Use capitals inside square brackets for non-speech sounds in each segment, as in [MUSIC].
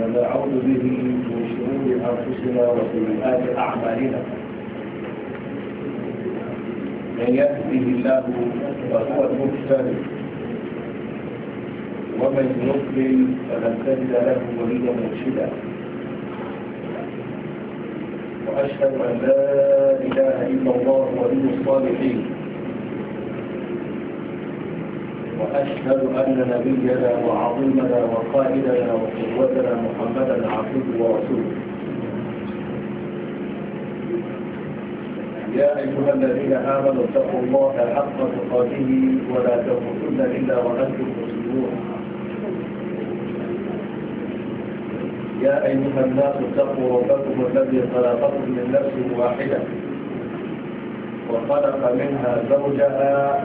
ونعوذ به من شرور أنفسنا وسيئات أعمالنا من يهده الله فهو المهتد ومن يضلل فلن تجد له وليا مرشدا وأشهد أن لا إله إلا الله ولي الصالحين وأشهد أن نبينا وعظيمنا وقائدنا وقوتنا محمدا عبده ورسوله يا أيها الذين آمنوا اتقوا الله حق تقاته ولا تموتن إلا وأنتم مسلمون يا أيها الناس اتقوا ربكم الذي خلقكم من نفس واحدة وخلق منها زوجها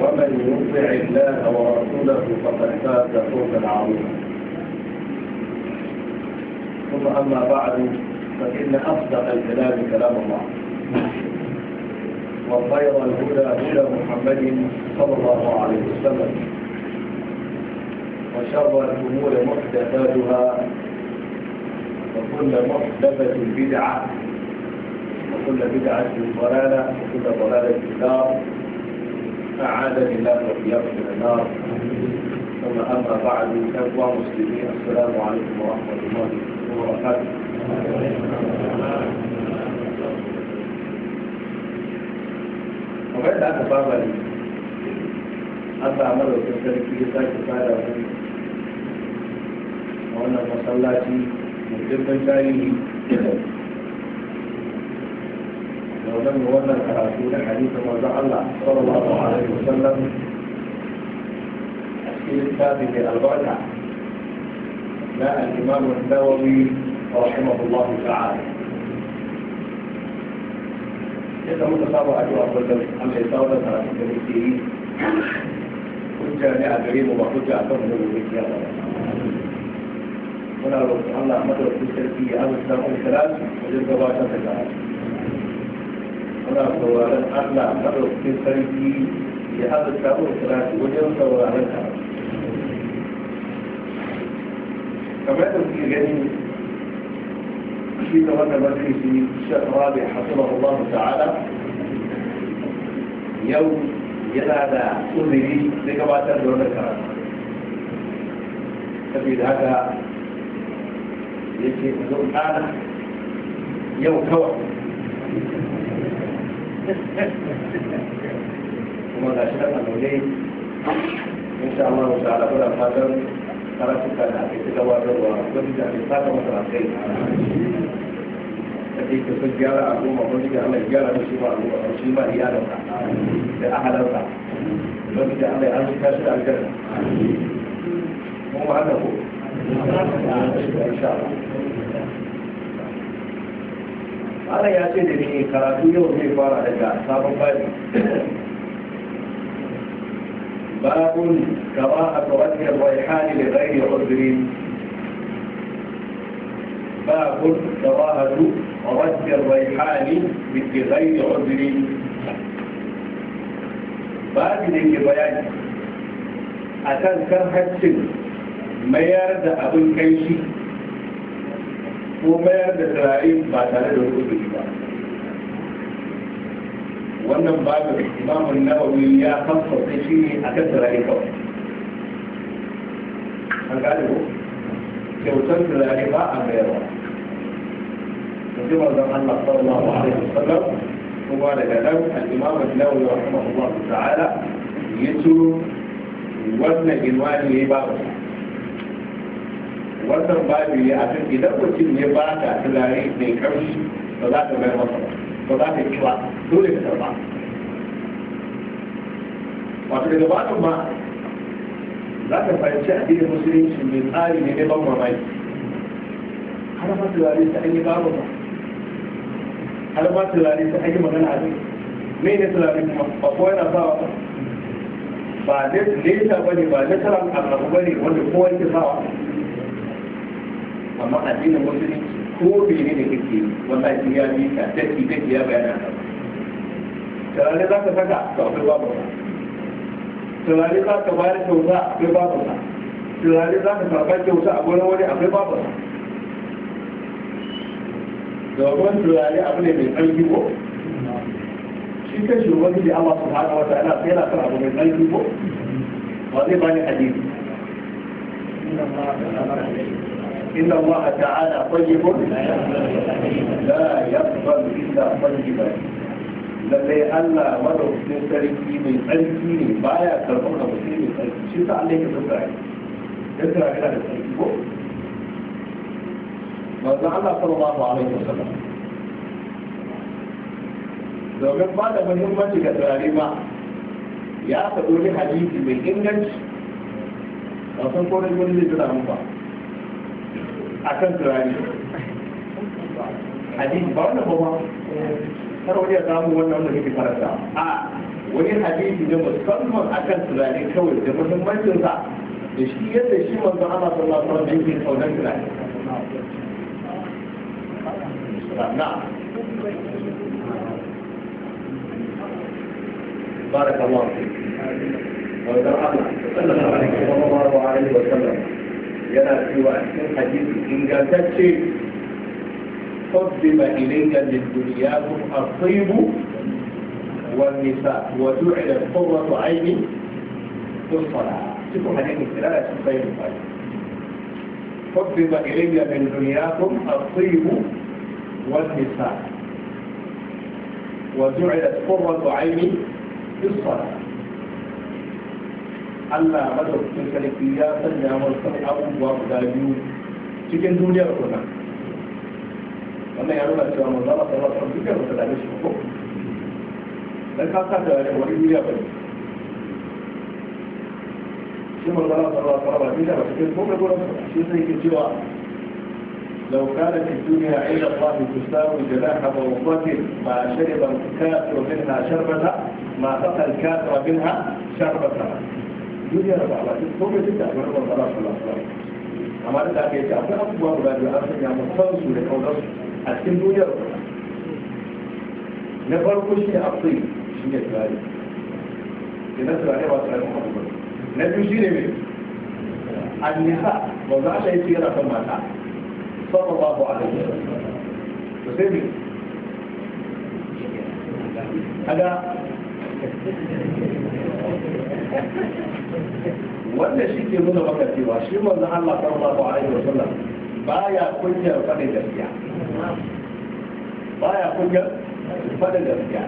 ومن يطع الله ورسوله فقد فاز فوزا عظيما ثم اما بعد فان اصدق الكلام كلام الله وخير الهدى هدى محمد صلى الله عليه وسلم وشر الامور محدثاتها وكل محدثه بدعه وكل بدعه ضلاله وكل ضلاله في النار أعاذني الله وإياكم من النار ثم أما بعد إخوة مسلمين السلام عليكم ورحمة الله وبركاته وبعد أن أتفاعل أبا عمر وكسر في جسد فعلا وأنا مصلاتي مجدد تاريخي ولم لم يولى الكراسي حديث وزع الله صلى الله عليه وسلم في الثابت الرجع لا الإمام النووي رحمه الله تعالى إذا متصابة أجواء قلت أمر صورة ثلاثة كريسي كنت جامعة قريب وكنت أكمل بالإسلام هنا الله مدرسة السلفية أمر السلام وجد باشا تجارة muna sauraron Allah madaukakin sarki ya azurta mu salati wajen sauraron ka kamar da kuke gani shi da wannan majalisi Sheikh Rabi hafizahullah ta'ala yau yana da uzuri zai gabatar da wannan karatu saboda haka yake zo ƙara yau kawai kuma ga shi da in sha Allah wa ta'ala kuna fatan karatuka da ake gabatarwa wani da ake saka masa akai da ke kusa gyara a goma wani da Allah gyara da shi ba a goma shi ba iyalansa da ahalansa wani da Allah ya an shi tashi da aljanna kuma haka ko insha Allah ana ya ce da ne karatu yau zai fara daga sabon babi babun kama a wai hali da zai ya uzuri babun kama a wai hali da zai ya uzuri babi da ke bayani a kan kan haccin mayar da abin kai shi ko mayar da turare ba tare da rubutu ba wannan babin imamun nawawi ya kamfasa shi ne a kan turare kawai an gane ko kyautar turare ba a mayarwa mutum zan Allah sallallahu alaihi wasallam kuma daga nan al-imamun nawawi rahimahullahu ta'ala ya turo wannan imani ya yi babu wannan babu ne a cikin, idan mutum ne ba ta turare mai karshi ba za ka mayar masa ba za ka yi ba dole ka karba wato daga babu ma za ka fahimci addinin musulunci mai tsari ne na ban mamaki har ma turare ta an yi babu ba har ma turare ta an yi magana a cikin, me ne turare kuma ba kowa na sawa ba ba nesa ba ne ba nasarar annabu ba ne wanda kowa ke sawa amma addinin musulmi ko bene da kake wallahi sai ya bi ka daki daki ya bayyana ka turare za ka saka to akwai babu ka turare za ka bayar kyauta akwai babu ka turare za ka karɓar kyauta a gurin wani akwai babu ka domin turare abu ne mai tsarki ko shi kan wani da Allah subhanahu wa ta'ala sai yana karabu mai tsarki ko ba zai bani hadisi إن الله تعالى طيب لا يقبل إلا طيبا لذي ألا ولو تنسلكي من قلبي بايا تظن بسيء من قلبي شو تعليك تفعل؟ يترى إلى الطيب وزعنا صلى الله عليه وسلم لو كان بعد من يوم مجد تعليما يأخذوا لي حديثي بالإنجلش إنجلش أصنقوني من اللي جدا حسن تراني حديث بارنا هو ترى ولي أدام هو نعم نبي كفارسا آه ولي حديث جمع سلم أكن تراني كول جمع سلم ما ينسى إشتيا إشتيا من الله صلى الله عليه وسلم يمكن أو نعم تراني نعم بارك الله فيك وإذا الله صلى الله عليه وسلم yana cewa cikin hadisi ingantacce قدم إليك من دنياكم الطيب والنساء وجعل قرة عين في الصلاة شوفوا حديث الثلاثة في البخاري قدم إليك من دنياكم الطيب والنساء وجعل قرة عين في الصلاة Allah madaukakin sarki ya sanya wasu abubuwa guda biyu cikin duniyar kuna wannan ya nuna cewa manzo Allah sallallahu alaihi wasallam dukkan wata da shi ko dan ka sa da wani duniya ba shi manzo Allah sallallahu alaihi wasallam cikin kuma gurin shi sai yake cewa لو كانت الدنيا عند الله تساوي جناح بعوضة ما شرب الكافر منها شربة ما سقى الكافر منها شربة duniya da ba ko mai duk da aka rabar ba su lafiya amma da aka yi akwai abubuwa guda biyu an sanya mu san su da kaunar su a cikin duniyar na farko shi ne akwai shi ne turare idan turare ba turare ba ba na biyu shi ne mai annisa ba za a yi tsira kan mata sama ba ba a da to sai mai kaga wanda shi ke nuna maka cewa shi wanda Allah sallallahu alaihi sallam baya kunyar faɗin gaskiya baya kunyar faɗin gaskiya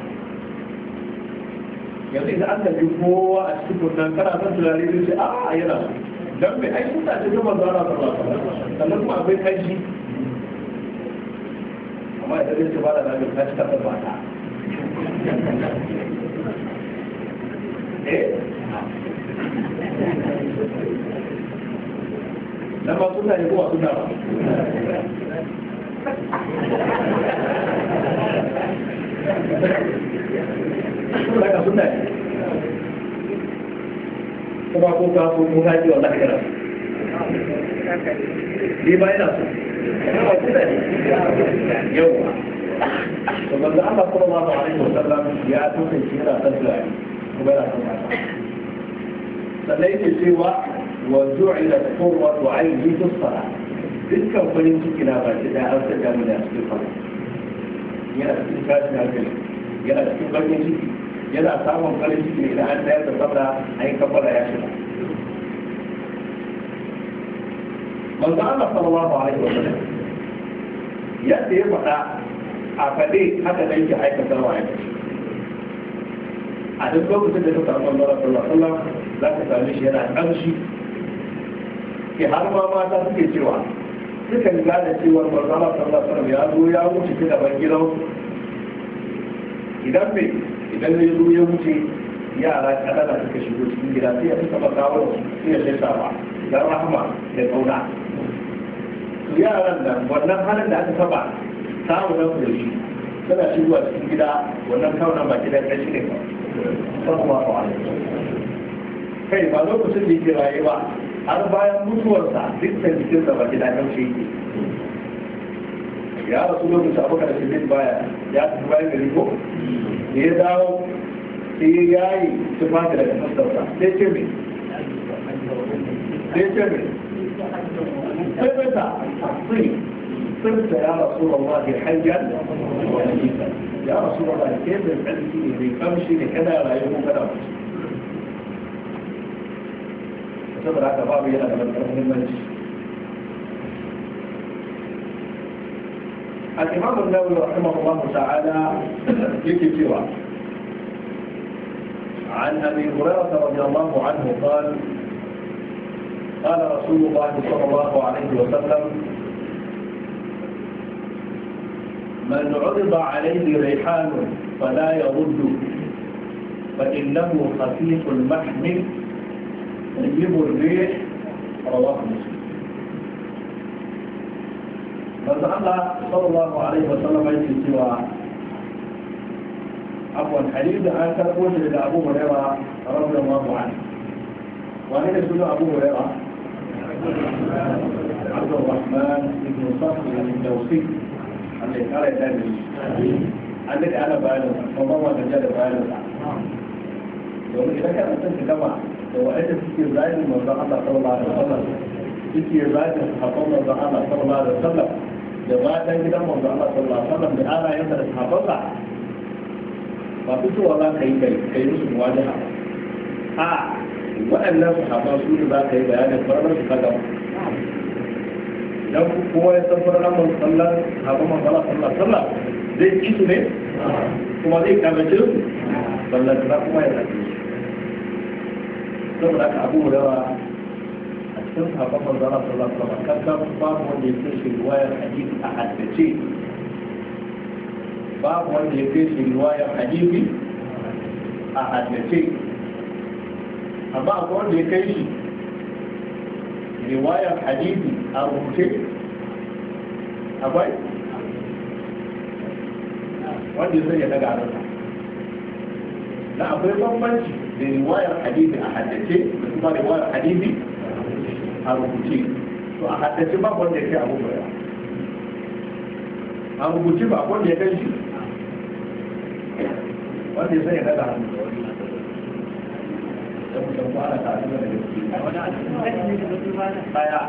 yanzu idan an tafi kowa a cikin kunnan kana son tunani zai shi a ah, yana dan bai aiki ta ce yawan zara sallallahu alaihi wasallam sannan kuma akwai shi. amma idan zai ce ba da rami ta ci ta ba ta eh na ba suna ne kuma suna ba suna ka suna ne kuma ko ka ko ko haji wa zaka kira ni ba ina so yawa to manzo Allah sallallahu alaihi wasallam ya tuka shi yana tsaya kuma yana tsaya صليت سوى وجعلت قرة عيني في الصلاة تلك القيم تكنا بعد أو تجاملا في القلب يا استفاد من الكلام يا استفاد من الكلام يا أصحاب القلب إلى أن لا تصبر أي كفر يا شباب من قال صلى الله عليه وسلم يأتي يفتح أفدي حتى تنجح أي كفر وعينه أدركوا رسول الله صلى الله عليه وسلم za ka same shi yana ƙamshi ke har ma mata suke cewa suka riga da cewa manzala sallallahu alaihi ya zo ya wuce ta gaban gidan idan me idan ya zo ya wuce yara kanana suka shigo cikin gida sai ya saba kawo sai ya shaita ba da rahama da kauna to yaran nan wannan halin da aka saba samu nan da shi tana shigowa cikin gida wannan kauna ba gidan kashi ne ba sallallahu alaihi kai ba lokacin da yake raye ba har bayan mutuwarsa duk da dukkan da ba ki dakan shi ya rasu lokacin abu da shi baya ya tafi bayan gari ko ya dawo sai ya yi su tufafi daga masarsa sai ce mai sai ce mai sai mai ta sun صرت يا رسول الله حيا يا رسول الله كيف الحديث يمشي كذا لا يكون كذا الإمام النووي رحمه الله تعالى في [CLEARS THROAT] muhimmanci عن أبي هريرة رضي الله عنه قال قال رسول الله صلى الله عليه وسلم من عرض عليه ريحان فلا يرد فإنه خفيف المحمل يجيبوا الريح رواه مسلم فسأل صلى الله عليه وسلم يجي سوى عفوا حديث أن تقول إلى أبو هريرة رضي الله عنه وأنا يقول أبو هريرة عبد الرحمن بن صخر الدوسي الذي قال النبي الذي أنا بعلم ومن وجد بعلم يقول إذا كان أنت جماعة da wa'anda suke zagin manzon Allah sallallahu alaihi wasallam suke zagin sahabban manzon Allah sallallahu alaihi wasallam da matan gidan manzon Allah sallallahu alaihi wasallam da halayensa da sahabbansa ba fitowa za ka yi kai musu muwajaha a waɗannan sahabban su ne za ka yi bayanin farnar su kaga dan kowa ya san farnar manzon Allah sahabban manzon sallallahu alaihi wasallam zai ci su ne kuma zai kamace su ballan kuma ya zaɓe saboda aka abu rawa a cikin sahabban zama Allah zama alaihi wasallam babu wanda ya kai shi riwayar hadisi a haddace babu wanda ya kai shi riwayar hadisi a haddace amma akwai wanda ya kai shi riwayar hadisi a rubuce akwai wanda ya sanya daga a na akwai bambanci riwayar hadisi a haddace da kuma riwayar hadisi a rubuce to a haddace ba wanda ya kai abu baya a rubuce ba wanda ya kai shi wanda ya sanya na da hannu Baya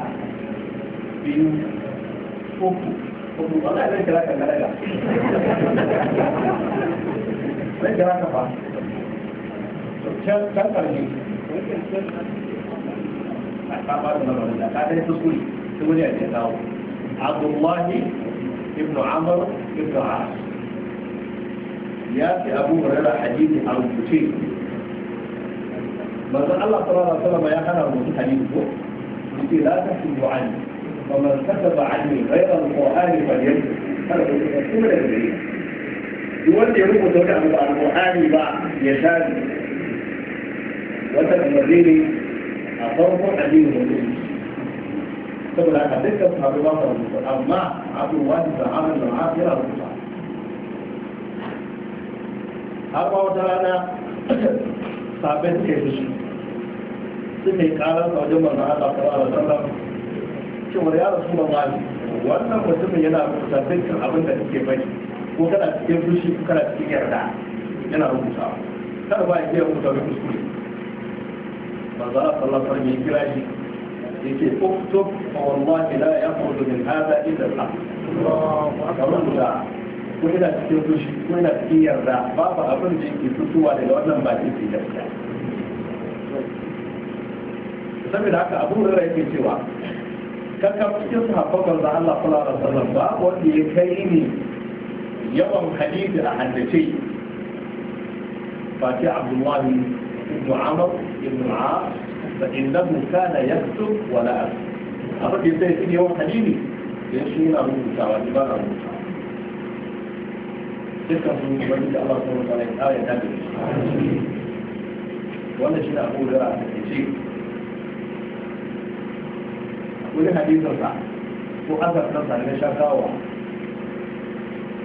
can kan ƙarshe a kafa da labarin da ta ta kuskure ta wani a ta kawo abdullahi ibn amr ibn as ya fi abu hurara hadisi a rubuce manzon Allah sallallahu alaihi wasallam ya hana rubutu hadisi ko yace la tahsibu anni wa man kasaba anni ghayra al-qur'ani falyajid kada ku kuma da gari wanda ya rubuta wani abu ba al-qur'ani ba ya tabi wanda a yanzu ne a farkon addinin musulunci saboda a dukkan sabu ba sa rubuta amma abu wani da amin da ma'afi yana rubuta har ma wata rana sabon ke fushi sun ne karar wajen manzan Allah sallallahu alaihi wasallam cewa ya rasu da mali wannan mutumin yana rubuta dukkan abin da kake bai ko kana cikin fushi ko kana cikin yarda yana rubuta kada ba ya iya rubuta mai kuskure manzo Allah sallallahu alaihi wasallam kira shi yake uktub fa wallahi la yakhruju min hadha illa al-haq Allahu akbar ko yana cikin fushi ko yana cikin yarda babu abin da yake fitowa daga wannan bakin sai gaskiya saboda haka abu da yake cewa kakan cikin sahabban manzo Allah sallallahu alaihi wasallam babu wanda ya kai ni yawan hadisi a haddace Fati Abdullahi ibn Amr ابن معاق فإنه كان يكتب ولا أكتب أبقى يبدأ يسيني هو حجيني يشهين أبو المساعة وعجبان أبو المساعة تلك أصنعني وليد الله سبحانه وتعالى آية نبي وانا شين أبو جراء يشيء أقول لها دي هو أثر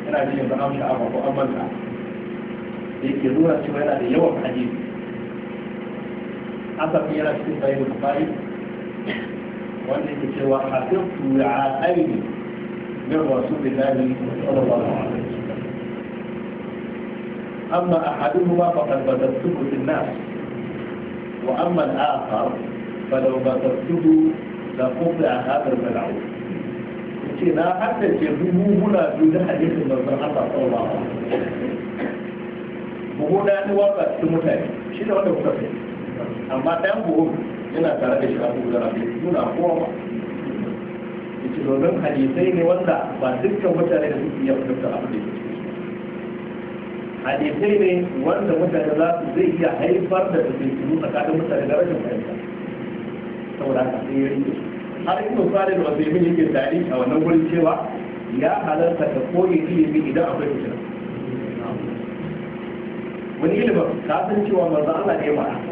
أنا أجيب أن أمشى أبو أمشى يكي دورة شوية لأني يوم حجيني حسب يرى الشيء طيب وانك سوى حفظت وعائين من رسول الله صلى الله عليه وسلم أما أحدهما فقد بدرته في الناس وأما الآخر فلو بدرته لقطع هذا الملعون كنا حتى جذبه هنا في حديث المزرعة صلى الله عليه وسلم وهنا نوابت المتاج شنو هذا amma ɗan buhu yana tare da shi a guda bai nuna kowa ba yace domin hadisai ne wanda ba dukkan mutane da suke iya fahimta abin da yake hadisai ne wanda mutane za su zai iya haifar da tafiyu tsakanin mutane da rashin fahimta saboda haka sai ya rike har ibn salih da wasu yamin yake tari a wannan wurin cewa ya halarta ka koyi ilimi idan akwai fitina wani ilimin kasancewa maza cewa manzo Allah ne ba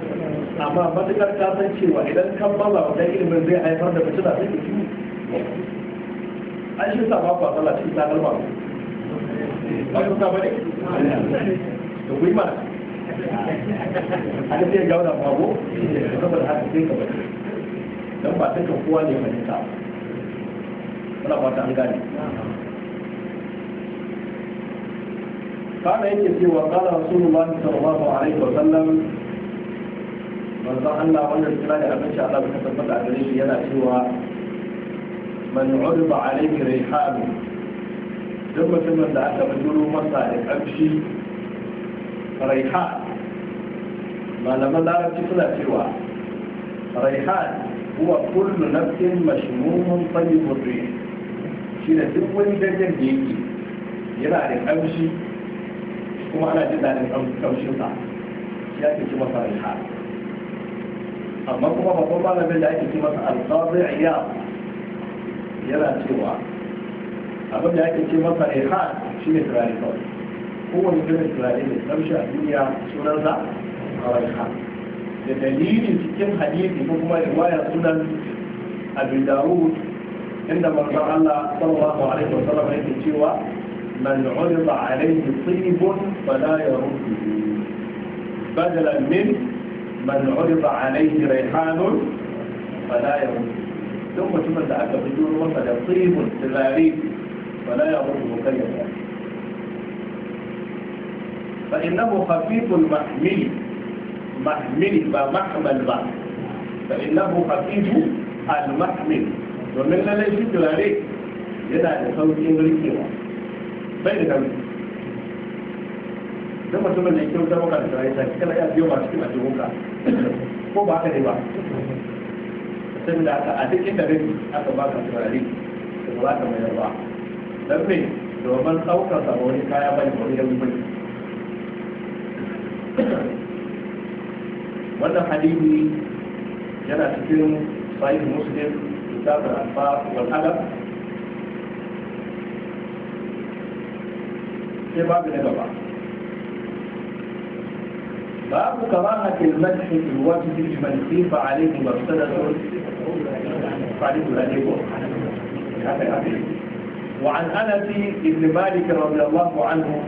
amma matukar ka san cewa idan kan maza wata ilimin zai haifar da fitina sai da shi an shi sa ba ku sallah cikin takalma ba ku sa ba ne da ku yi mana an sai gauna ba ko saboda haka sai ka bari dan ba ta kowa ne mai ta kana ba ta an gane قال يجب وقال رسول الله صلى الله عليه وسلم manzon Allah wannan kira da abinci Allah ba ta tabbata a gare shi yana cewa man urba alayhi rihanu duk mutumin da aka bujuro masa da kamshi raihan malaman larabci suna cewa raihan huwa kullu nafsin mashmumun tayyibur rih shi da duk wani dangan da yake yana da kamshi kuma ana jin daɗin kamshinsa ya ce masa raihan amma kuma babban malamin da ake ce masa alƙawar iya yana cewa abin da ake ce masa rehan shi ne turare kawai kowane irin turare ne samshi a duniya sunan sunansa rehan da dalilin cikin hadisi ko kuma riwaya sunan abin dawud inda manzon Allah sallallahu alaihi wa sallam yake cewa man urida alaihi tibun fala yaruddu badalan min man urifa da aka fi juro masa da tsibin فإنه خفيف المحمل محمل بمحمل فإنه خفيف المحمل ومن لا يشد عليه يدعي صوت إنجليزي بين don mutumin da ya kyauta maka da shirayi ta kana iya biyo masu cikin ajihunka ko ba haka ne ba saboda haka a duk inda rin aka baka turare da ba ka mayar ba don me domin ɗaukar sa wani kaya bane wani yau bane wannan hadisi yana cikin sahih muslim kitabul alfa wal adab sai babu na gaba باب كراهة المدح في الوجه لمن خيف عليه مفسدة فعليه الأدب وعن أنس بن مالك رضي الله عنه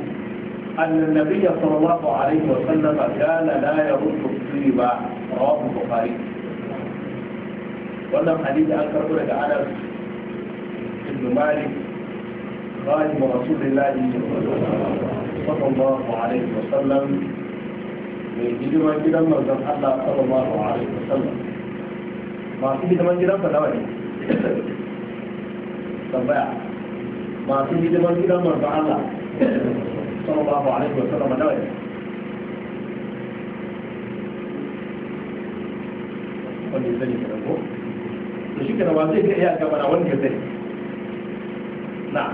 أن النبي صلى الله عليه وسلم كان لا يرد الطيب رواه البخاري ولم حديث أكثر karɓo أنس بن مالك خادم رسول الله صلى الله عليه وسلم mai hidima gidan manzon Allah sallallahu alaihi wasallam masu hidiman gidan nawa ne tambaya masu hidiman gidan manzon Allah sallallahu alaihi wasallam nawa ne wanda ya sani ko to shi kenan ba zai ga iya gabana wanda ya na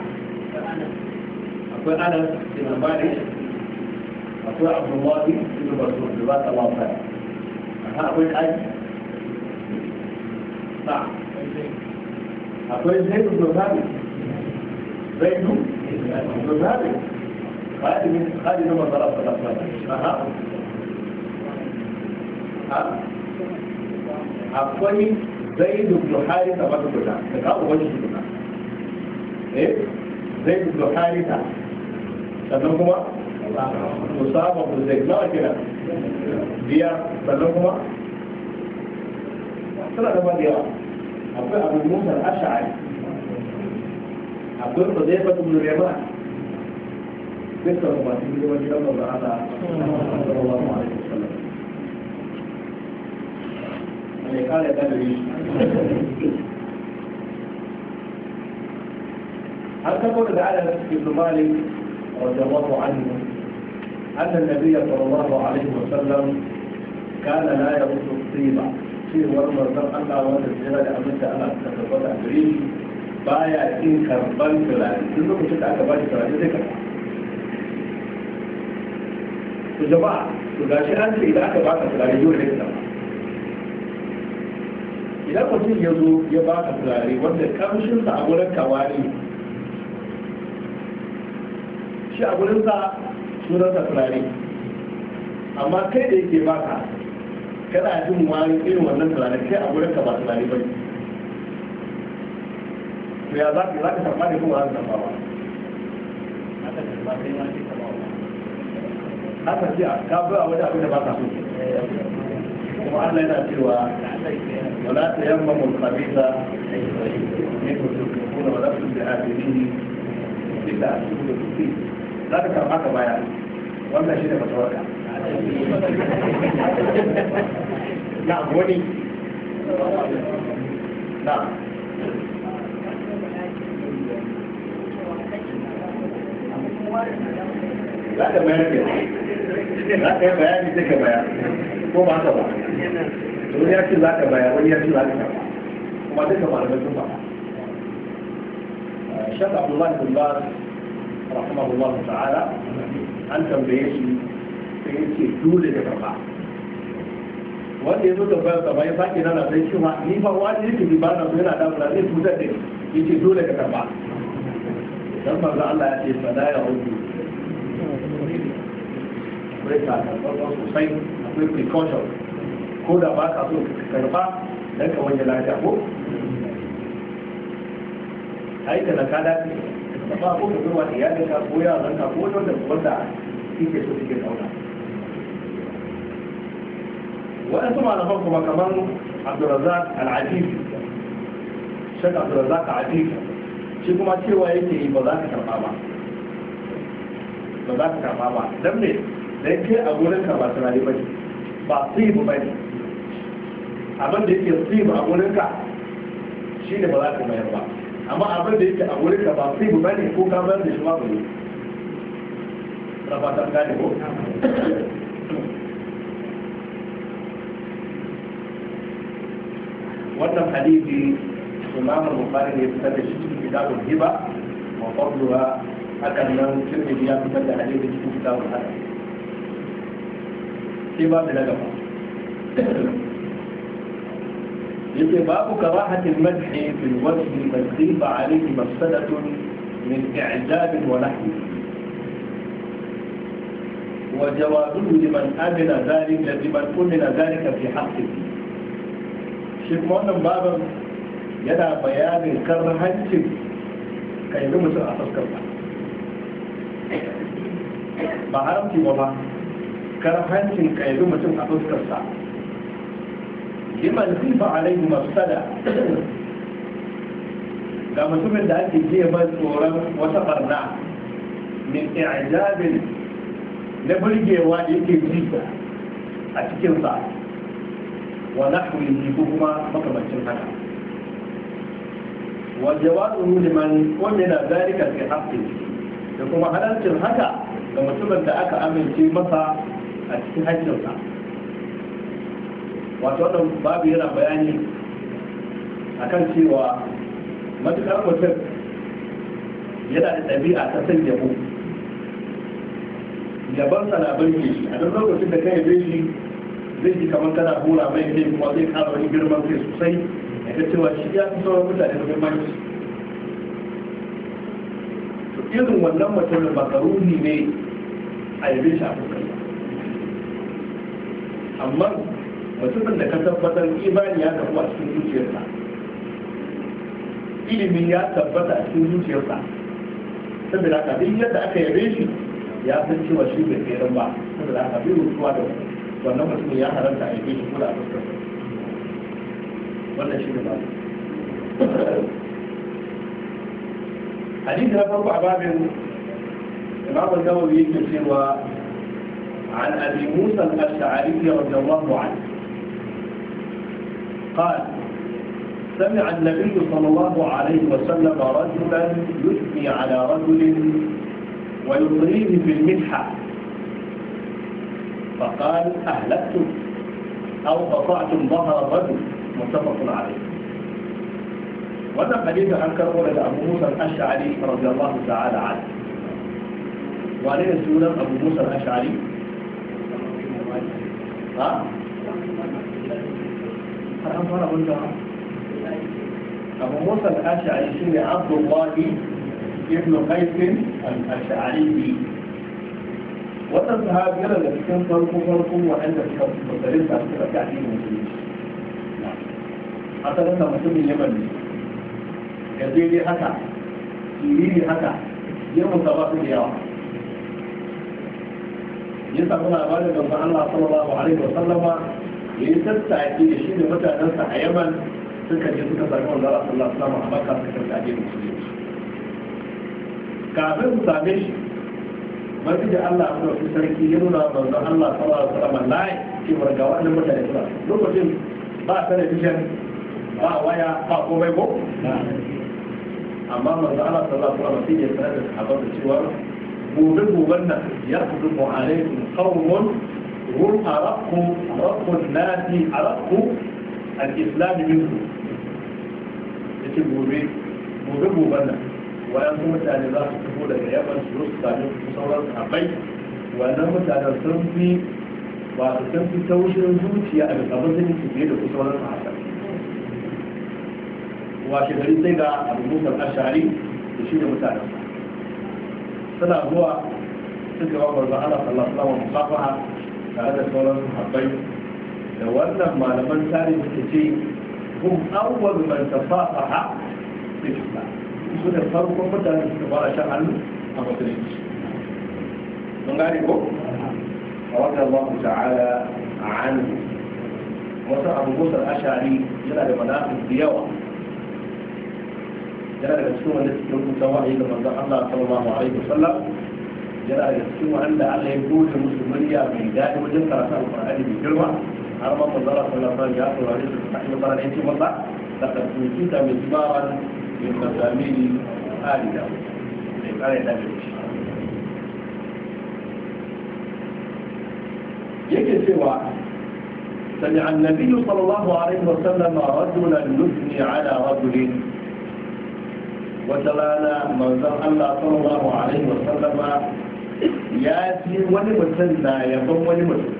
akwai anas ibn malik akwai abdullahi ibn mas'ud da ba ta wafa amma akwai kai na akwai zaidu da zabi zaidu da zabi kai ne kai ne masara da Ha? akwai zaidu da harisa ba ta guda da kawo wani shi guda eh zaidu da ta? sannan kuma musaba project nawa kira biya sannan kuma suna da da yawa akwai abu musa ash'ari akwai hudayfa ibn yaman dukkan kuma sun yi wani gidan manzo Allah sallallahu alaihi wasallam ne kare dalili an kabo da Anas ibn Malik radiyallahu anhu أن النبي صلى الله عليه وسلم كان لا يرد الطيبة في ورمر الزرق أنت أولاد الزيارة لأمنت أنا تتبط أمريش بايا إن كربان فلاني كل ما كنت أكبر إيه فلاني ذكر وجماعة وقاشي أنت إذا أكبر فلاني يقول لك إذا كنت يزو يباك فلاني وانا كمشن سأقولك كواني شيء أقولك sunan sa turare amma kai da yake baka kana jin wani irin wannan turare kai a gurin ka ba tunani ba ne ya za ka za ka karɓa ne kuma za ka karɓa ba haka ce ka bi a wajen abin da ba ka so kuma Allah yana cewa wala ta yamma mun khabisa ne ko tukuna wala tu bi da illa asbuhu fi za ka karɓa ka baya wannan shi ne fatawarka na wani na za ka bayar ke za ka yi bayani sai ka bayar ko ba ka ba wani ya ce za ka bayar wani ya ce za ka karɓa kuma duka malamai sun faɗa shaka abdullahi bin رحمه الله an tambaye shi sai yace dole da wanda ya zo da bayan sama ya sake nana sai shi ma ni fa wani yake bi ba na so yana da, zai cutar da ni dole da kafa dan manzo Allah ya ce akwai precaution ko da ba ka so ka karba dan ka wani lafiya ko ai ka dace da ba ko ka zuwa iyalinka ko yaranka ko wanda wanda kike so kike kauna waɗansu malaman kuma kamar abdurazak al'adifi shek abdurazak al'adifi shi kuma cewa yake yi ba za ka karɓa ba ba za ka karɓa ba don ne da yake a gurinka ba tunani ba ne ba tsibu ba ne abin da yake tsibu a gurinka shi ne ba za ka mayar ba amma abin da yake a wurin ka ba sai ba bane ko ka bayar da shi ma ba ne ba gane ko wannan hadisi imam al-bukhari ne fitar da shi cikin kitabul hiba wa fadluha hakan nan tirmidhi ya fitar da hadisi cikin kitabul hada sai ba da daga ba لإباب كراهة المدح في الوجه المزيب عليه مفسدة من إعجاب ونحن وجوابه لمن أمن ذلك لمن أمن ذلك في حقه شكمون بابا يدعى بيان كرهة كي نمس الأساس كرهة بحرمتي مبا كرهة كي نمس الأساس كرهة liman zifa alaihi mafsada ga mutumin da ake jiya ba tsoron wata barna min i'jabin na burgewa da yake ji a cikin sa wa nahwihi ko kuma makamancin haka wa jawazu liman umina zalika fi haqqi da kuma halalcin haka ga mutumin da aka amince masa a cikin haƙƙinsa wato wannan babu yana bayani akan cewa matukar mutum yana da ɗabi'a ta san yabo yabon sa na barke shi a duk lokacin da kai bai shi zai ji kamar kana hura mai ne kuma zai kara wani girman kai sosai ya ga cewa shi ya fi sauran mutane muhimmanci to irin wannan mutumin makaruni ne a yabin shi a kuka amma mutumin da ka tabbatar imani ya tafi a cikin zuciyarsa ilimi ya tabbata a cikin zuciyarsa saboda haka duk yadda aka yabe shi ya san cewa shi bai tseren ba saboda haka bai rutuwa da wannan mutum ya haranta a yabe shi ko da fuskar wannan shi ne ba حديث na farko a babin imam an cewa عن أبي موسى الاشعري رضي الله عنه قال سمع النبي صلى الله عليه وسلم رجلا يثني على رجل ويطريه في المدحة فقال أهلكتم أو قطعتم ظهر الرجل متفق عليه وهذا حديث an karɓo daga موسى الاشعري رضي الله تعالى عنه وعليه سؤال ابو موسى الاشعري ها fara hulɗa abu musa al-ash'ari shi ne abdullahi ibn qaisin al-ash'ari wannan sahabi yana da cikin farko farkon waɗanda suka fasarin da suka ga addinin musulunci asalin da mutumin yaman ne ya je dai haka kiriri haka yawan ta ba su da yawa ya samu labarin da Allah sallallahu alaihi wa sallama ya yi tattaki da shi da sa a yaman suka je suka sami wanzar a sallar a maka suka kaje da su kafin su same shi mafi da allah a wasu sarki ya nuna wanzar allah sallar sama layi cewar ga waɗannan mutane suna lokacin ba talabijin ba waya ba komai ko amma manzo Allah sallallahu alaihi sai ya sanar da sahabbai cewa gobe goben nan ya kudu mu alaikum qaumun يقول أرق أرق الناس أرق الإسلام منهم يقول به مذبوا بنا وأنتم تعالي الله تقول لك يا من سلوك تعليم تصور الحقي وأنتم تعالي الصنفي وأنتم في توجه الزوج يا أبي قبضني تبيد تصور الحقي وأشهد أن سيدا أبو موسى الأشعري يشير متعلم سلام هو سيدي عمر بن عبد الله صلى الله عليه وسلم tare da sauran sahabbai da wannan malaman tarihi suka ce hum awwal man tafaha fi da su da farkon mutane suka fara shan hannu a musulunci Sun gane ko A رضي الله تعالى عنه wasu abu musa ashari yana da manafin da yawa yana daga cikin wanda suke rubuta wa'ayi da manzon Allah sallallahu alaihi wasallam جلاله ثم ان يقول للمسلمين يا من ذاك وجد ترك القران بكلمه على بطل ظرف الاطفال يا اخو الرئيس الصحيح وقال انت والله لقد كنت مزمارا من مزامير ال إيه، داود يجي سوى سمع النبي صلى الله عليه وسلم رجلا يثني على رجل وتلانا من ذا الله صلى الله عليه وسلم ya ji wani mutum na yaban wani mutum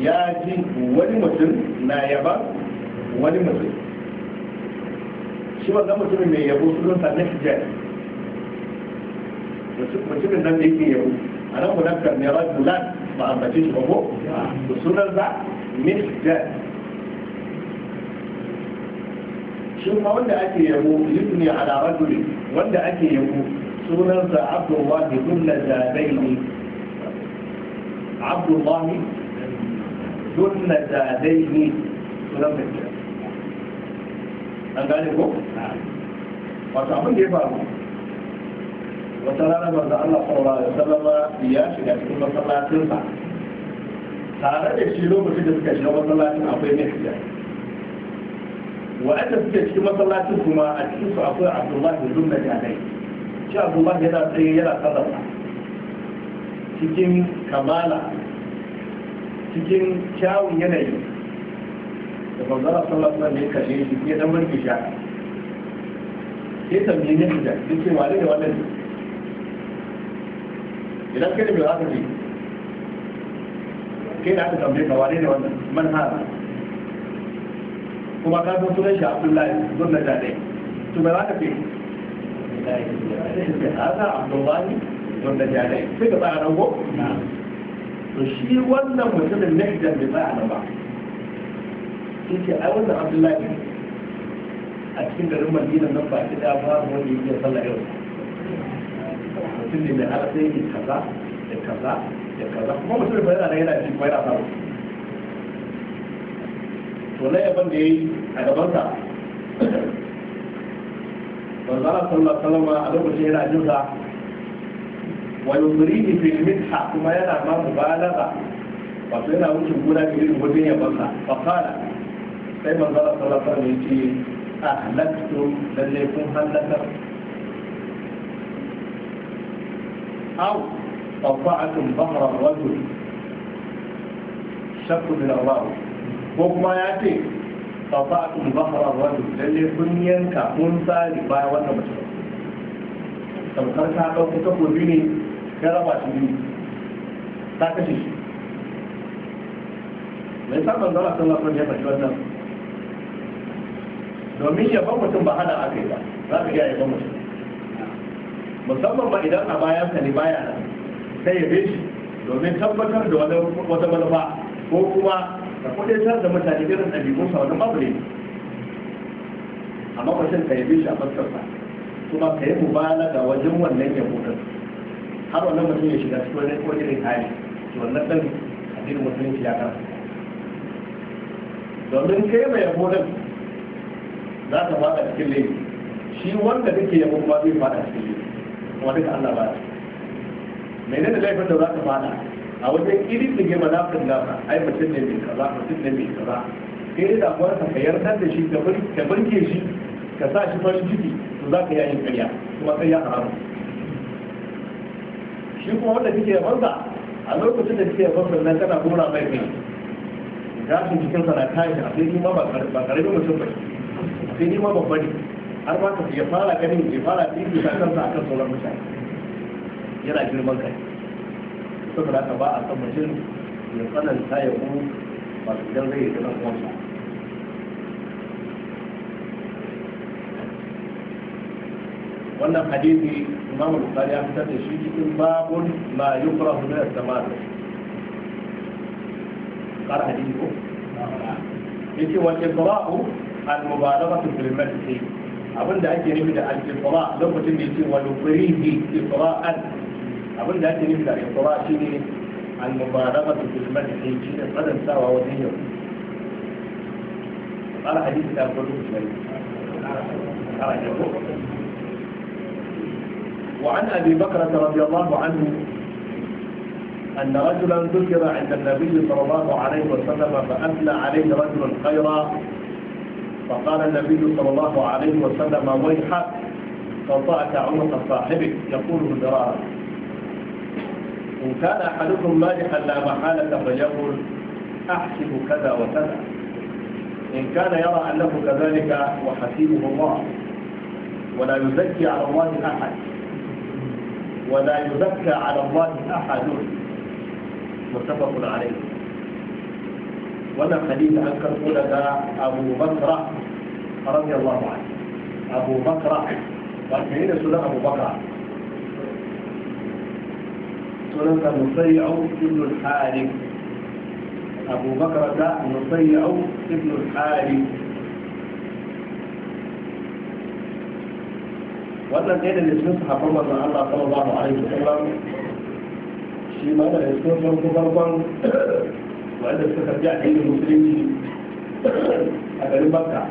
ya ji wani mutum na yaban wani mutum shi wanda mutumin mai yabo sunansa na hijar mutumin nan da yake yabo a nan gudan karnera dulan ba a bace shi ba ko sunansa misjar shi ma wanda ake yabo ne ala rajuli wanda ake yabo سننس عبد الله دل زادين عبد الله دل زادين سننس أنجالي بوك وطعمل يبارو وطلالة وضع الله صلى الله عليه وسلم بياش يعني كل صلى الله عليه وسلم صلى الله عليه وسلم صلى الله عليه وسلم صلى الله عليه وسلم وأنت تكتب مثلا تكتب مثلا تكتب عبد الله بن جنة جانين shi abubakar yana tsaye yana sallah cikin kamala cikin kyawun yanayi da banzara sallah sallah ne kashe shi ya dan barke sha. sai tambaye ne da yake wane da wannan idan kai da bai haka ne kai da aka tambaye ka wane da wannan man hana kuma ka san sunan shi abdullahi zunna da ne to bai haka ne hada sai ka nan shi wannan mutumin na idan bai tsaya nan ba yake ai wannan abdullahi a cikin garin madina nan ba ki da ba wani yake sallah yau mutum ne mai alasai ne kaza da kaza da kaza kuma mutum bai tsaya yana ji kuma yana to na yaban da ya yi a gabansa manzara sallallahu alaihi a lokacin yana jin sa wuri ne fil mitha kuma yana ma mubalaga wato yana wuce gona da irin wajen yaban sa fa qala sai manzara sallallahu alaihi wasallam yace ahlaktum lalle kun halakar aw qata'atum bahra rajul shakku min Allah ko kuma ya ce qata'tum bahra rajul lalle sun yanka mun tsari baya wannan saukar ta ɗauki ta takobi ne ya raba shi biyu ta kashe shi mai sa manzon Allah sallallahu alaihi ya faɗi wannan domin ya ban mutum ba hana aka yi ba za ka iya ban mutum musamman ba idan a bayan ka ne baya nan sai ya shi domin tabbatar da wata manufa ko kuma ka kudatar da mutane irin ɗabi'unsa wani babu ne amma kwashin ka yabe shi a fuskarsa kuma ka yi mubalaga wajen wannan yabo din har wannan mutum ya shiga cikin wani ko irin hali to wannan ɗan addinin musulunci ya karanta domin kai mai yabo za ka fada cikin laifi shi wanda kake yabo ba zai fada cikin laifi wanda ka Allah ba menene laifin da za ka fada a wajen kirkin ya manafin nasa ai mutum ne mai kaza mutum ne mai kaza kai da damuwar ka yarda da shi ka burge shi ka sa shi farin ciki to za ka yi karya kuma sai ya haramu shi kuma wanda kike yabansa a lokacin da kike yabansa sannan kana gora mai kai gashin cikinsa na tashi a sai ni ma ba karamin mutum ba a sai ni ma babba ne har ma ka fara ganin ya fara fifita kansa a kan sauran mutane yana girman kai saboda haka ba a san mutum ya tsananta ya ku ba su idan zai yi ɗan uwansa wannan hadisi imamu bukari ya fitar da shi cikin babun ma yukrahu da at-tamarru qara hadisi ko yace wa ikra'u al-mubalaghatu fil madh abinda ake nufi da al-iqra' lokacin da wa yuqrihi abin da ake nufi da ikra shine al-mubaraka bil madhi shine fadan sawa wajen yau قال حديث كان كله وعن أبي بكرة رضي الله عنه أن رجلا ذكر عند النبي صلى الله عليه وسلم فأثنى عليه رجل خيرا فقال النبي صلى الله عليه وسلم ويحك قطعت عنق صاحبك يقوله درارا إن كان أحدكم مالحا لا محالة فليقل أحسب كذا وكذا إن كان يرى أنه كذلك وحسيبه الله ولا يزكي على الله أحد ولا يزكى على الله أحد متفق عليه وانا hadisi أنكر قولة أبو بكر رضي الله عنه أبو بكر وأكملين سنة أبو بكر سلطة مصيع ابن الحارث أبو بكر داء مصيع ابن الحارث وأنا كان الإسلام صحف الله صلى الله عليه وسلم شيء ماذا الإسلام صرف ضربا وإذا استخدع دين المسلمين أكل بكع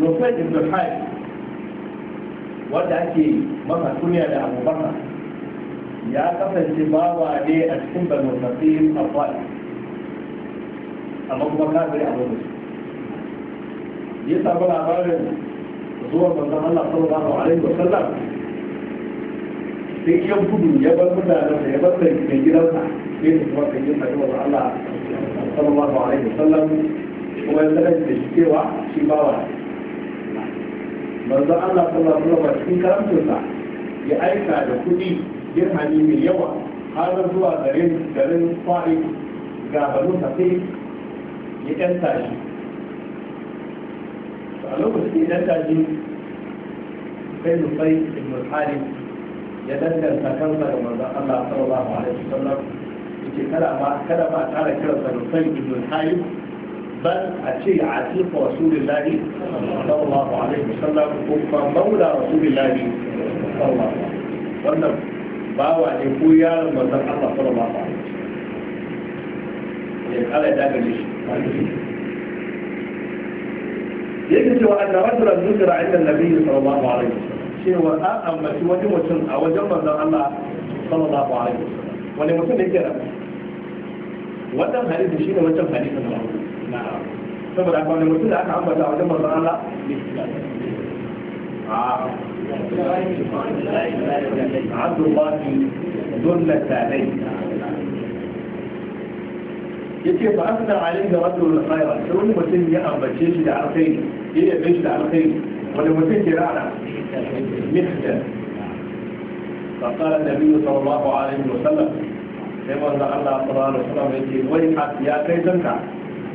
نصيح ابن الحارب wanda ake masa kuniya da abubakar ya kasance bawa ne a cikin banu tasirin afwal amma kuma kafin abu da ya samu labarin zuwa manzon Allah sallallahu alaihi wasallam sai ya gudu ya bar da ya bar mai gidansa sai da kuma kai yin wa Allah sallallahu alaihi wasallam kuma ya sanar da shi cewa shi bawa ne manzo Allah sallallahu alaihi wasallam cikin karamcinsa ya aika da kuɗi dirhami mai yawa har zuwa garin garin fa'i ga banu tafi ya ɗan tashi a lokacin da ɗan tashi sai nufai ibn al ya danganta kansa da manzo Allah sallallahu alaihi wasallam yake kada ba kada ba tare kiransa nufai ibn al بل أشيء عتيق رسول الله صلى الله عليه وسلم كفا مولى رسول الله صلى الله عليه وسلم باوى نقويا لما تبع الله صلى الله عليه وسلم يقال يعني ذلك الشيء يجد أن رجلا ذكر عند النبي صلى الله عليه وسلم شيء هو آه، أما شيء وجمع سنة أو جمع صلى الله عليه وسلم ولم يكن يكرم وتم هذه الشيء وتم هذه الشيء saboda kwanan mutum da aka ambata wajen mazan Allah عبد الله ذل ثاني yake fa asna alai da rajul khaira sai wani mutum ya ambace shi da alkhairi ya yabe shi da alkhairi wanda mutum ke rana mihdan fa qala nabi sallallahu alaihi wa sallam sai wanda Allah subhanahu wa ta'ala yake wai ya kai zanka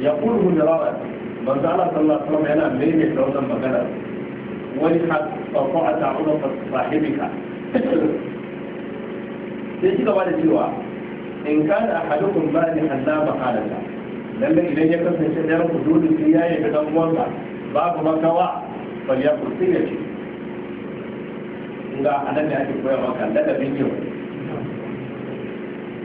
يقوله مرارا من زعل صلى الله yana وسلم أنا مين يحلونا مكانا ولحق طاعة عرف صاحبك sai ci gaba da cewa in kana ahadukum balihan ba mahalata lalle idan ya kasance da ranku dole sai ya yi dan uwansa babu makawa bal ya kursi ya ce inda anan ne ake koya maka ladabin yau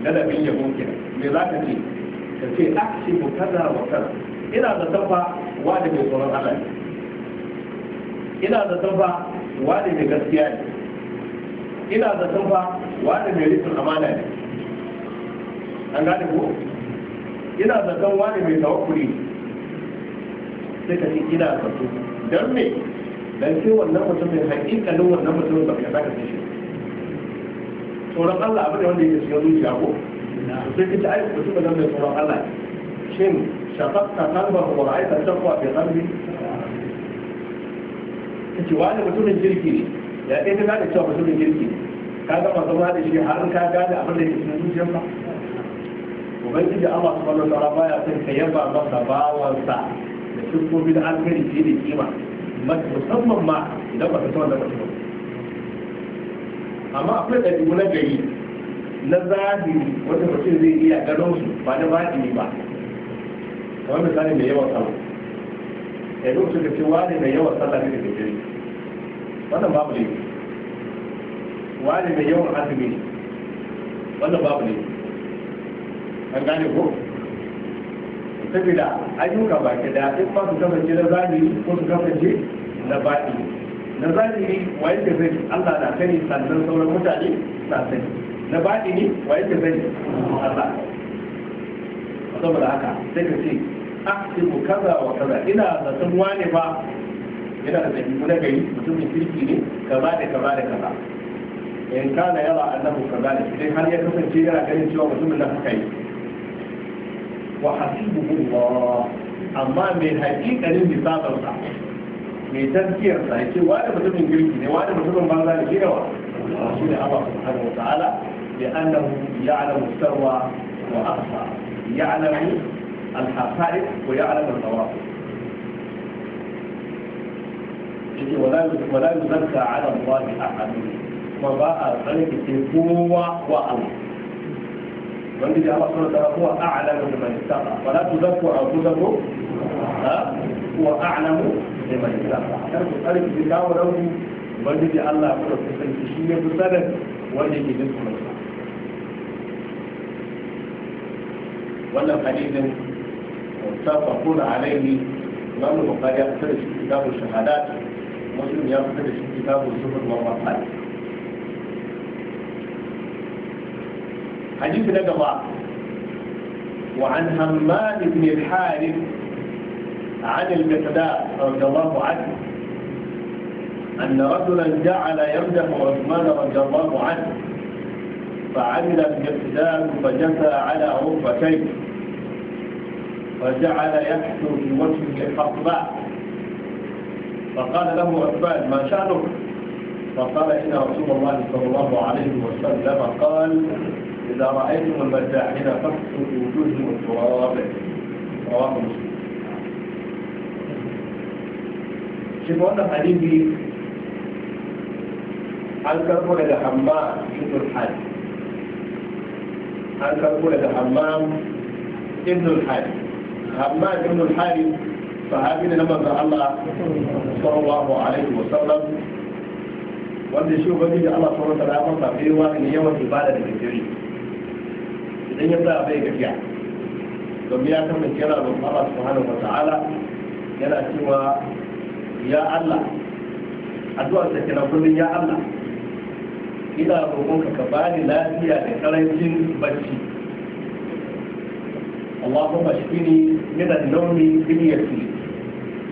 ladabin yau kenan me zaka ce ka ce akshi ah, mu kaza wa kaza ina da tafa wani mai tsoron Allah ne ina da tafa wani mai gaskiya ne ina da tafa wani mai rikin amana ne an gane ko ina da zaton wani mai tawakkuli sai ka ce ina da zato don me dan sai wannan mutumin hakikalin wannan mutumin ba ka saka shi tsoron Allah abin da wanda yake shiga zuciya ko sai kita ai ku tuba nan da tsoron Allah shin shaqaqta qalbahu wa ra'aita taqwa fi qalbi kace wani mutumin kirki ne ya kai ka gane cewa mutumin kirki ne ka ga ba zama da shi har ka gane abin da ke cikin zuciyarka ubangiji Allah subhanahu wa ta'ala baya son ka yaba masa sa da shugobi da alkhairi fiye da kima musamman ma idan ba ka san da mutum amma akwai ɗabi'u na gari na zahiri wanda mutum zai iya gano su ba na baɗi ba kamar misali mai yawan sallah ya zo da ce wani mai yawan sallah ne da gajeri wannan babu ne wani mai yawan azumi wannan babu ne an gane ko saboda ayyuka ba ke da in ba su kasance na zahiri ko su kasance na baɗi na zahiri wani da zai Allah na sani sannan sauran mutane na sani na baɗi ne wa yake zai Allah saboda haka sai ka ce a ah, ku kaza wa kaza ina sun wane ba Ina da zai na gari mutumin kirki ne kaza da kaza da kaza in yawa a nan kaza da shi har ya kasance yana ganin cewa mutumin nan haka yi wa hasibuhu ba. amma mai haƙiƙanin misalarsa mai tafiyarsa ya ce wa da mutumin girki ne wa da mutumin banza da shirawa shi ne Allah subhanahu wa ta'ala لأنه يعلم السروى وأخفى يعلم الحقائق ويعلم الضوابط ولا ولا يزكى على الله أحد وباء ذلك هو وأمر والذي الله سبحانه وتعالى هو أعلم بمن اتقى ولا تزكوا أنفسكم هو أعلم بمن اتقى كان ذلك في له والذي الله سبحانه وتعالى shi ya fi sanin wanda yake jin tsoron ولا حديث متفقون عليه الإمام قد يقتبس كتاب الشهادات مسلم يقتبس كتاب الزهد والمرحلة حديث نجمة وعن همام بن الحارث عن المقداد رضي الله عنه أن رجلا جعل يمدح عثمان رضي الله عنه فعمل الاقتدام فجثى على ركبتيه فجعل يحثو في وجهه قطباء فقال له عثمان ما شأنك فقال إن رسول الله صلى الله عليه وسلم قال إذا رأيتم المداحين فاكسوا في وجوههم التراب رواه مسلم شوفوا وانا حديثي عن الى حماد شوفوا الحادث an karɓo daga hammam ibn al-hari hammam ibn al-hari sahabi ne na manzon Allah sallallahu alaihi wa sallam wanda shi ubangi da Allah sallallahu alaihi wa sallam bai wani yawan ibada da gajeri idan ya sa bai gafiya domin ya kasance yana da Allah subhanahu wa ta'ala yana cewa ya Allah addu'ar ta kenan kullum ya Allah ina roƙonka ka ba ni lafiya da karancin bacci Allahumma shfini min an-nawmi binyati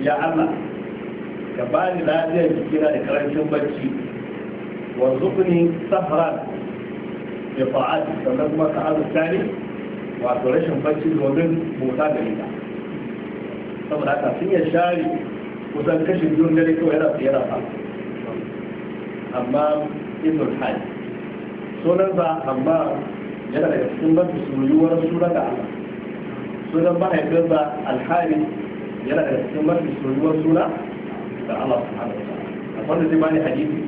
ya Allah ka ba lafiya jikina da karancin bacci wa zuqni sahran bi ta'ati sannan kuma ka azurta ni wa rashin bacci domin bota da ita saboda haka sun ya share kusan kashin biyun dare kawai yana tsaye na amma ibn al-hajj sunan sa amma yana da cikin mafi soyuwar sunan da Allah sunan mahaifinsa al-hajj yana da cikin mafi soyuwar suna da Allah subhanahu wa ta'ala wanda zai bani hadisi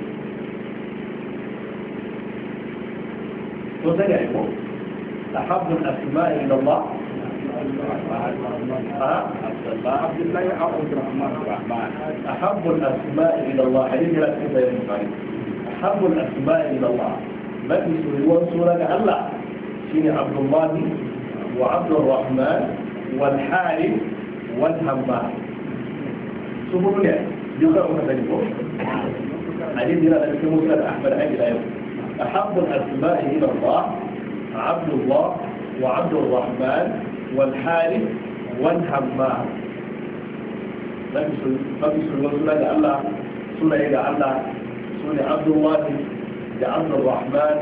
to sai ya yi ko أحب الأسماء إلى الله عبد الله عبد الرحمن أحب الأسماء إلى الله حديث لا تكفى البخاري أحب الأسماء إلى الله بل يسرون سورة لعلا شيني عبد الله وعبد الرحمن والحارث والهمام سبحان الله يقرأ ما تجيبه حديث هنا لك موسى أحمد عيد الأيام أحب الأسماء إلى الله عبد الله وعبد الرحمن والحارث والهمام بل يسرون سورة لعلا سورة لعلا اسمه عبد الله لعبد الرحمن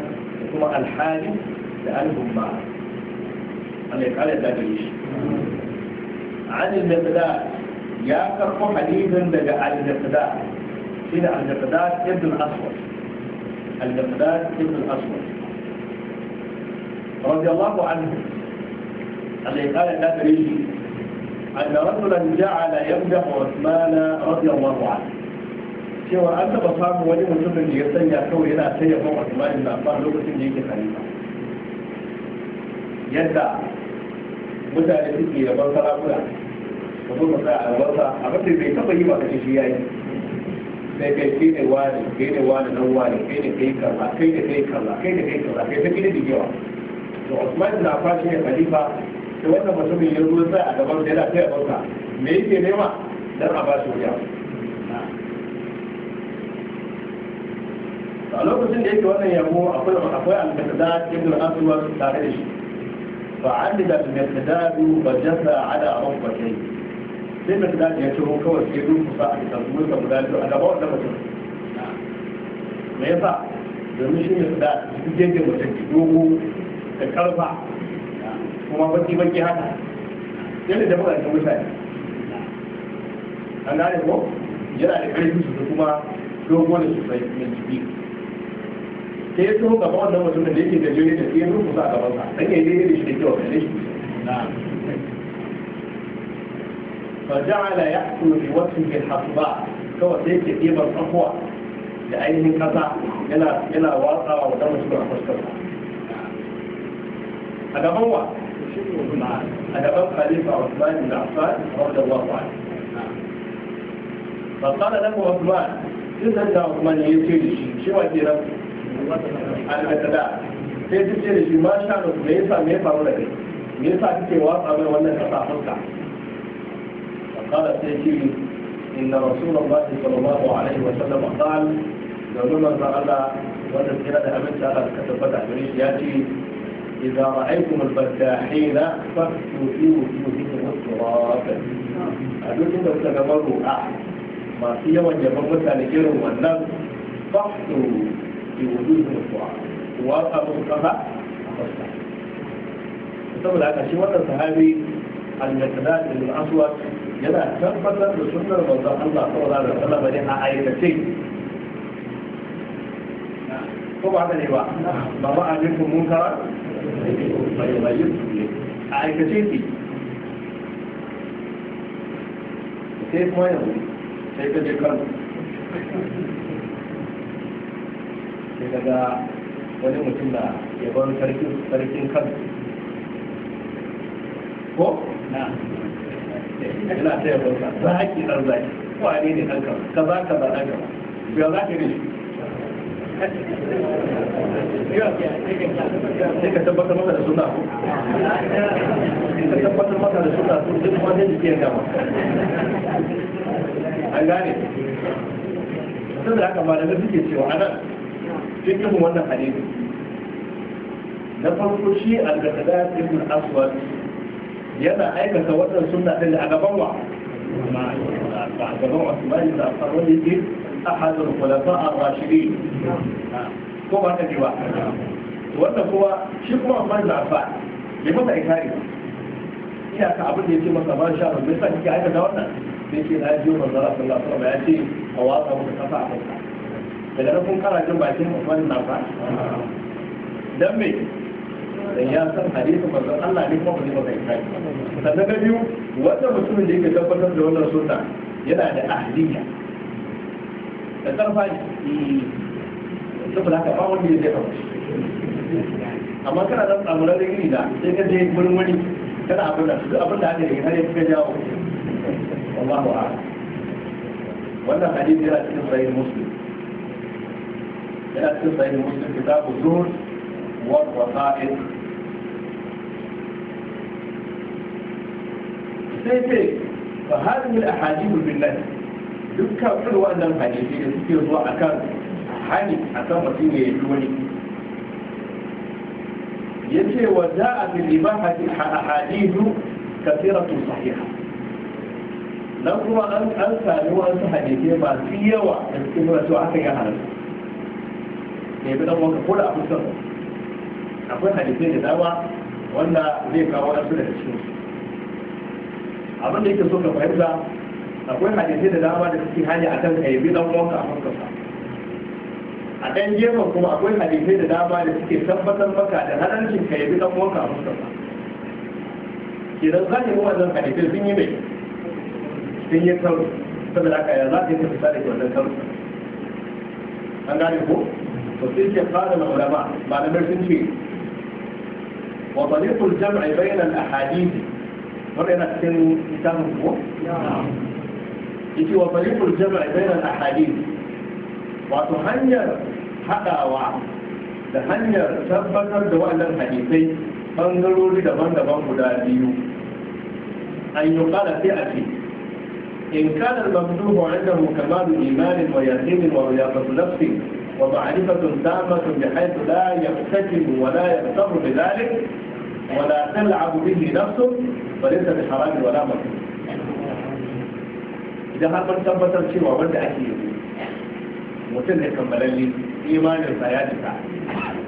هو الحالي لألهم معه أن يقال إذا بيش عن المقداد يا كرقو حديث بقى عن المبداء هنا المبداء ابن الأسود المقداد ابن الأسود رضي الله عنه أن قال إذا بيش أن رجلا جعل يمدح عثمان رضي الله عنه cewa an taba samun wani mutumin da ya sanya kawai yana ta yabon Usman na ba lokacin da yake khalifa yadda mutane suke yaban sarakuna ka zo ka sa albarka a da bai taba yi ba kace shi yayi sai kai kai ne wani kai ne wani nan wani kai ne kai kalla, kai ne kai kalla, kai ne kai kalla, kai ta gida digewa to Usman na Affan shi ne khalifa sai wannan mutumin ya zo sai a gaban da yana ta bauta me yake nema dan a ba shi wuya a lokacin da yake wannan yabo akwai akwai al-katada ibn aswad tare da shi fa adida al-katada wa jasa ala rabbatay sai katada ya turo kawai sai duk kusa a kan mulka guda biyu a gaba wannan mutum me yasa domin shi ne da yake mutum ki dogo da karfa kuma baki baki haka yadda da muka ga mutane an gane ko yana da karfi su kuma dogo ne sosai mai jiki sai ya tuhu gaba wannan mutum da yake da jini da ke yin rufusa a sa dan yayi daidai da shi da kyau da shi فجعل يأكل بوجهه الحصباء kawai sai ke ɗiban tsakuwa da ainihin kasa yana watsa wa wadda mutum a fuskarsa a gaban wa a gaban khalifa Usman bin Affan radiyallahu anhu fa qala lahu Usman sai da Usman ya ce shi shi wa kenan al-adada sai duk da shi ma sha da me yasa me faru da kai me yasa kake watsa mai wannan kasa fuska qala sai shi inna rasulullahi sallallahu alaihi wa sallam qala domin manzon Allah wanda kira da aminci Allah ka tabbata gare shi ya ce إذا رأيتم الفتاحين فاكتوا في وجوههم التراب أدوك إذا تكبروا أحد ما masu yawan يبقى mutane irin wannan فاكتوا في وجوههم الدعاء وأصحاب الصفا saboda haka shi wannan sahabi al-miqdad bin aswad yana tabbatar da sunnar manzon Allah sallallahu alaihi wasallam ne a aikace ko ba haka ne ba ba ba alaikum munkara bai bai aikace sai kuma sai ka je sai daga wani mutum da ya bar sarkin sarkin kan ko na yana ta yabo sa za a ki dan zaki ko ne ne kanka ka za ka ba kanka ya za ka ne sai ka tabbatar maka da suna ko ka tabbatar maka da suna ko duk wanda yake yin gama an gane saboda haka malamai suke cewa a nan. cikin wannan hadisi na farko shi al-gadada ibn aswad yana aikata wannan sunna din a gaban wa a gaban Usman da Affan wanda yake ahadul khulafa ar-rashidin ko ba ta jiwa Wannan kuwa shi kuma Usman da Affan ne masa ikari iyaka abin da yake masa ban sha ban bai sa kike aikata wannan sai ce na ji manzo Allah sallallahu alaihi wasallam ya ce a waka muka kafa a kanka da ƙarfin karatun bakin usman na ba dan me da ya san hadisi manzon Allah ne kuma ba zai masa kai sannan na biyu wannan mutumin da yake tabbatar da wannan sunna yana da ahliya da karfa ne hmm. saboda haka ba wanda ya zai kawo amma kana da tsamuran da gini da sai ka je wurin wani kana abin da duk abin da aka yi har ya fi jawo wallahu a'lam wannan hadisi yana cikin sahih muslim لأن صحيح مسلم كتاب الزهد والرسائل سيتي فهذه الأحاديث بالله dukkan irin waɗannan hadisi da suke zuwa a kan hani a kan mutum ya yi wani ya ce wa za a fi libahati a hadisu kasiratu sahiha nan kuma an sami wasu hadisai masu yawa da suke nuna cewa aka yi halittu ka yabi dan wanka ko da abin son akwai hadisai da dama wanda zai kawo wasu daga cikin su abin da yake so ka fahimta akwai hadisai da dama da suke hali a kan ka yabi dan wanka a hankarsa a ɗan gefen kuma akwai hadisai da dama da suke tabbatar maka da harancin ka yabi dan wanka a hankarsa idan za ka nemi wannan hadisai sun yi mai sun yi karo saboda haka ya za ka yi ka fita da ke wannan karo an gane ko to sai fara na ulama malamai sun ce wa tariqul jam'i bayna al ahadith wannan yana cikin kitabun ko yake wa tariqul jam'i bayna wato hanyar haɗawa da hanyar tabbatar da wannan hadisai bangarori daban-daban guda biyu an yi kala a ce in mabdu ومعرفة تامة بحيث لا يكتسب ولا يغتر بذلك ولا تلعب به نفسه فليس بحرام ولا مكروه إذا هل من ثبت الشيء ومن أكيد مثل كمل لي إيمان الحياة تاعك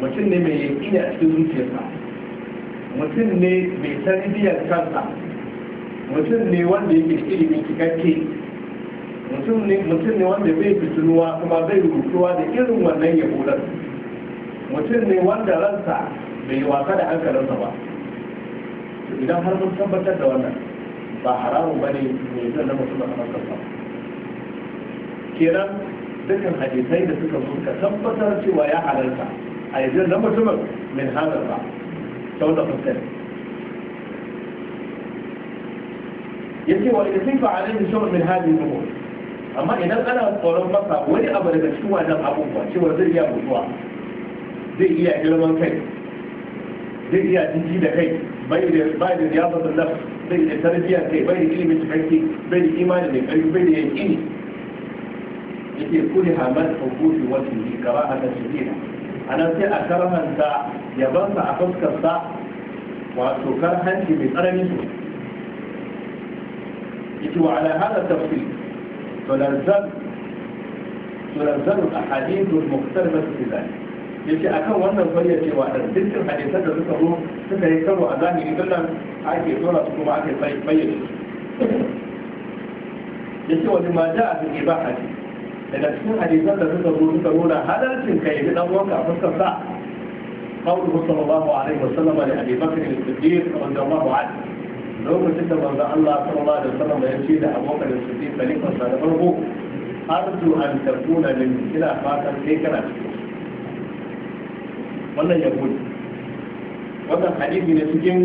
mutum ne mai yakini a cikin zuciyarsa mutum ne mai sanidiyar kansa mutum ne wanda yake ilimin mutum ne wanda bai fitinuwa kuma bai rubutuwa da irin wannan ya kudar mutum ne wanda ransa bai wasa da hankalinsa ba idan har sun tabbatar da wannan ba haramun ba ne mai zan na mutum a ba. kenan dukkan hadisai da suka zo ka tabbatar cewa ya halarta a yi zan na mutum min halar ba ta da fuskar yake wa idan sai fa'alin da shawar min hadin amma idan ana tsoron masa wani abu daga cikin wannan abubuwa cewa zai iya mutuwa zai iya girman kai zai iya jiji da kai bai da bai da ya fasa nafs bai da tarbiyya kai bai da ilimin cikakke bai da imani da karfi bai da yaƙini yake kuli hamar hukuki wasu ne kara kan shirina a nan sai a karhanta sa a fuskarsa wato karhanci mai tsananin su yake wa ala hada tafsir تلزم تلزم الأحاديث المختلفة في ذلك yake akan wannan bayyana cewa da dukkan hadisan da suka zo suka yi karo a zahiri dillan ake dora su kuma ake bayyana su ya ce wani ma da a cikin ba hadisi daga cikin hadisan da suka zo suka nuna halalcin kai da dan wanka a fuskar sa qawluhu sallallahu alaihi wasallam da Abi Bakr as-Siddiq radiyallahu anhu lokacin da manzo Allah sallallahu alaihi wasallam ya ce da abokan da su fi khalifa sa da farko arju an takuna min ila fatan kai kana wannan ya yahudi wannan hadisi ne cikin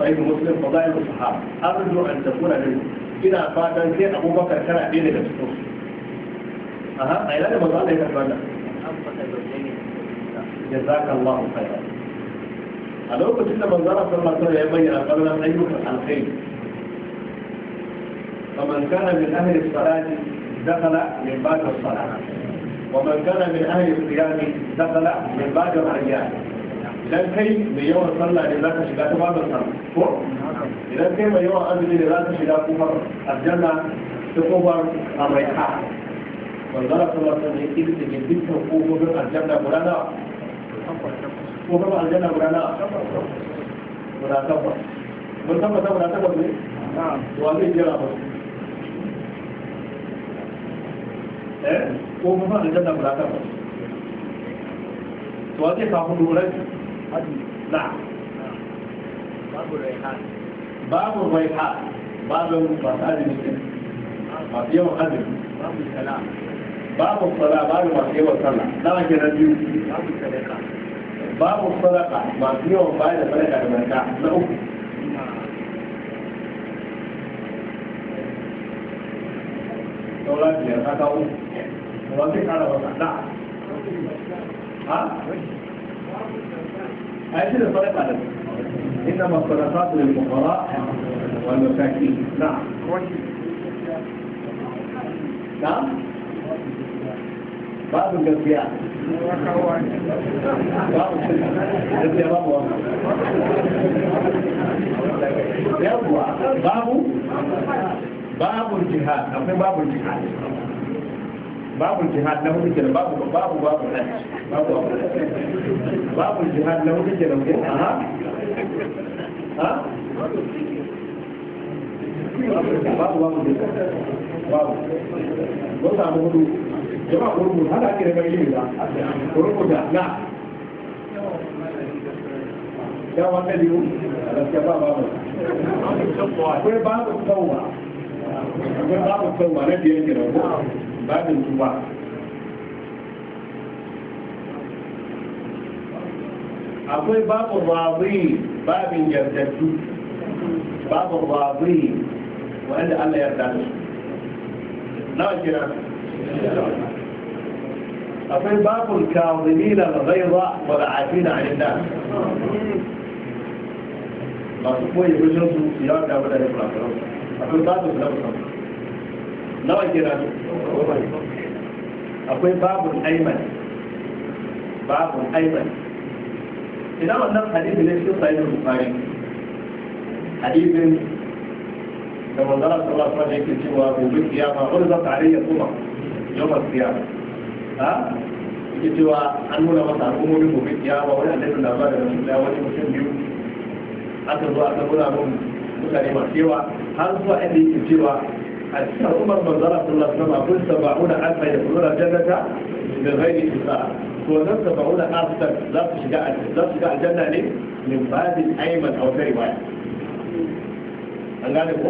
sahih muslim fadail sahaba arju an takuna min ina fatan sai abubakar kana ɗaya daga cikin su aha a ina da manzo Allah ya karɓa da jazakallahu khairan من فمن كان من أهل الصلاة دخل من بعد الصلاة ومن كان من أهل القيام دخل من بعد الرجال لكي بيوم صلى لذلك شكاته بعد الصلاة فوق لكي بيوم أمني لذلك شكاته كفر الجنة تكفر الريحة والظرف الله تعالى يبين بيوم أمني لذلك شكاته كفر الجنة ko kuma aljanna guda na guda tabbas mun tabbata guda tabbas ne wa zai jira ba eh ko kuma aljanna guda tabbas wa zai kafu durai na babu raihan babu raihan babu fasadi ne masu yawan azumi babu sala babu sala babu masu yawan sallah nawa kenan biyu babu sadaka babu sadaka masu yawan bayar da sadaka da barka na uku ka kawo ba zai kara wata da ha a yi da sadaka da إنما الصدقات babu gaskiya babu babu babu jihad akwai babu jihad babu jihad na hudu kenan babu babu babu babu babu jihad na hudu kenan ko eh? aha ha babu babu babu ko samu hudu jama'a kurmu hada ake da bari da kurmu da na ya wanda biyu da ke ba babu akwai babu tsawa akwai babu tsawa na biyar ke da ko babin tuba akwai babu razi babin yardattu babu razi wanda Allah yarda da su nawa kira أقول باب الكاظمين الغيظة والعافين عن الناس ما تقول يقول جزء سيارة كابلة يقول أفين باب الكاظمين نوع كيران أفين باب الأيمن باب الأيمن إذا أردنا الحديث ليس كصير البخاري حديث كما درس الله صلى الله عليه وسلم وابو بكر يا ما غلظت علي الامم يوم القيامه ta yake cewa an nuna masa al'ummomin gobe ba wani annabi da ba da rasu da wani mutum biyu aka zo aka nuna mun mutane masu yawa har zuwa inda yake cewa a cikin al'ummar manzara sallallahu alaihi wasallam kun da alfa da kullu jannata da ghairi hisab to nan da alfa za su shiga za su shiga aljanna ne min babin aiman aw sai baya an gane ko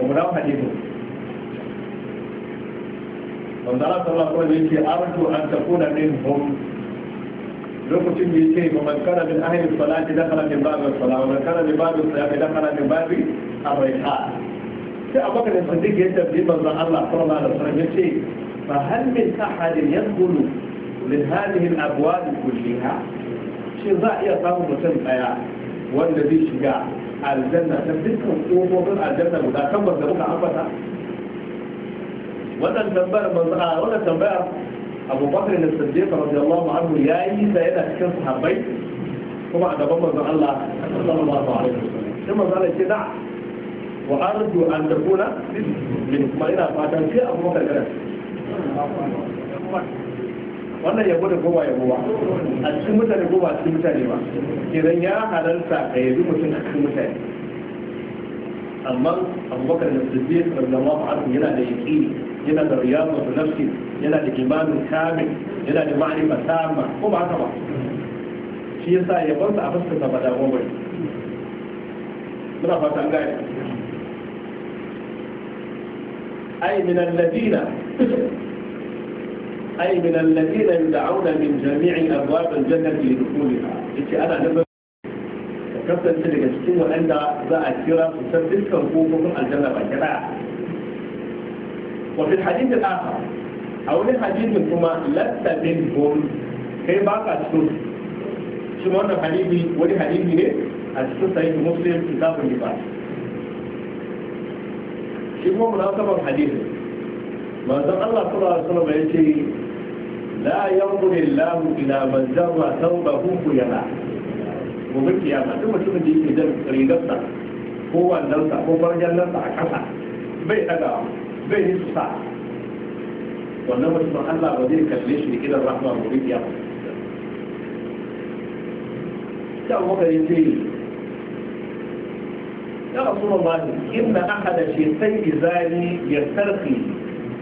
kuma da hadisin wanda Allah ba alaihi wasallam yake arju an takuna hom. lokacin da yake ba man kana min ahli salati dakhala min babi salati man kana min babi salati dakhala min babi ar-riha sai abaka da sadiq ya tabbi manzo Allah sallallahu alaihi wasallam yace fa hal min ahadin yadkhulu min hadhihi al-abwab kulliha shi za iya samun mutum daya wanda zai shiga aljanna ta dukkan kofofin aljanna guda tabbas da muka ambata wannan tambayar manzo a wannan tambaya Abu Bakar da Siddiq radiyallahu anhu yayi ta yana cikin sahabbai kuma a gaban manzo Allah sallallahu alaihi wasallam sai manzo Allah ce da wa arju an takuna min kuma ina fatan sai Abu Bakar kada wannan yabo da kowa yabo ba a cikin mutane ko ba a cikin mutane ba idan ya halarta ka yabi mutum a cikin mutane amma abubakar da siddiq radiyallahu anhu yana da yaqini yana da riyadu da nafsi yana da kimanin kamil yana da ma'arifa tamma kuma haka ba shi yasa sa a fuskar sa ba damuwa bane muna fata an gane أي min الذين أي من الذين يدعون من جميع أبواب ana لدخولها kasance daga cikin كابتن za a kira su أكيرا فسر kokokin aljanna ba kira وفي الحديث الآخر أو الحديث كما لست منهم كي باقى السوس شو وانا حديثي ولي حديثي ليه السوس سيد مسلم كتاب النفاق شو هو مناسبة الحديث ما زال الله صلى الله عليه وسلم يقول لا ينظر الله إلى من زرى ثوبه خيلا gobe kiyama duk mutumin da yake jan rigarsa ko wandonsa ko farjallarsa a ƙasa bai ɗagawa bai yi su sa wannan mutum Allah ba zai kalle shi da irin rahama gobe kiyama ta abubakar ya da shi رسول الله ya أحد inda an يسترخي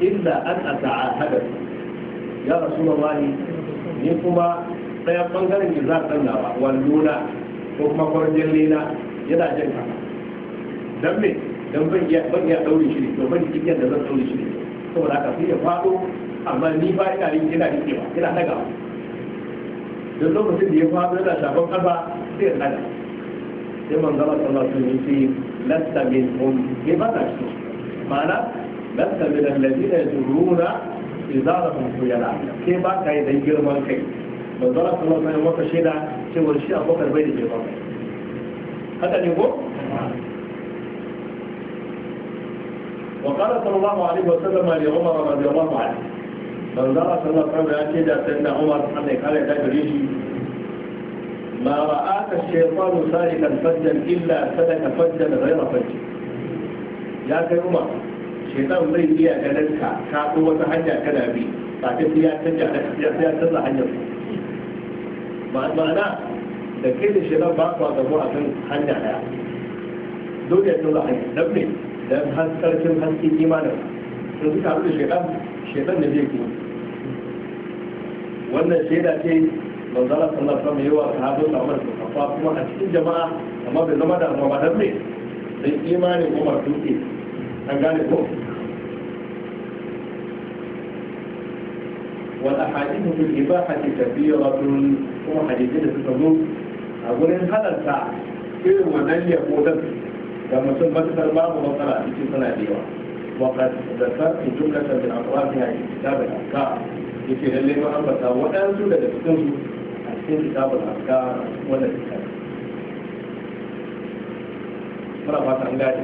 إلا أن أتعاهده يا رسول الله kuma ɗaya ɓangaren ki za a sanya ba na ko kuma kwarjin lena yana jin haka don me don ban iya ban iya daure shi ne to ban iya da zan daure shi ne saboda haka sai ya fado amma ni ba ina yin ina rike ba ina daga don lokacin da ya fado yana shafan kafa sai ya daga sai man gaba sallallahu alaihi wasallam lasta min hum ke ba ta shi ma'ana lasta min alladhina yajuruna izarahum khuyala ke ba kai dan girman kai manzo Allah sallallahu alaihi wasallam maka shaida cewa shi abokar bai da girman kai haka ne ko وقال صلى الله عليه وسلم لعمر رضي الله عنه فانظر صلى الله عليه وسلم يا سيدنا عمر أنك قال ده بريجي ما رآك الشيطان سالكا فجا إلا سلك فجا غير فجا يا كي عمر الشيطان زي فيها كذلك كاكو وتحجى كلابي لكن فيها تجع فيها تجع حجر معناه da kai da لكن الشيطان kwa gabo a kan hanya daya dole ya الله hanya dabbe dan haskarkin haskin imanin sun suka haɗu da shaidan shaidan da zai kuma wannan shaida ce manzala sallallahu alaihi yawa sahabbai Umar bin Khattab kuma a cikin jama'a amma bai zama da amma dan ne dan imanin Umar duke an gane ko wal ahadith bil ibahati kabiratun kuma hadisi da suka zo a gurin halarta irin wannan ya ko da كما mutum matukar babu في a cikin وقد ذكرت جملة من أطرافها في كتاب الأفكار في اللي ما أنبتها وأن جملة تكون في كتاب الأفكار ولا الكتاب مرة عن الله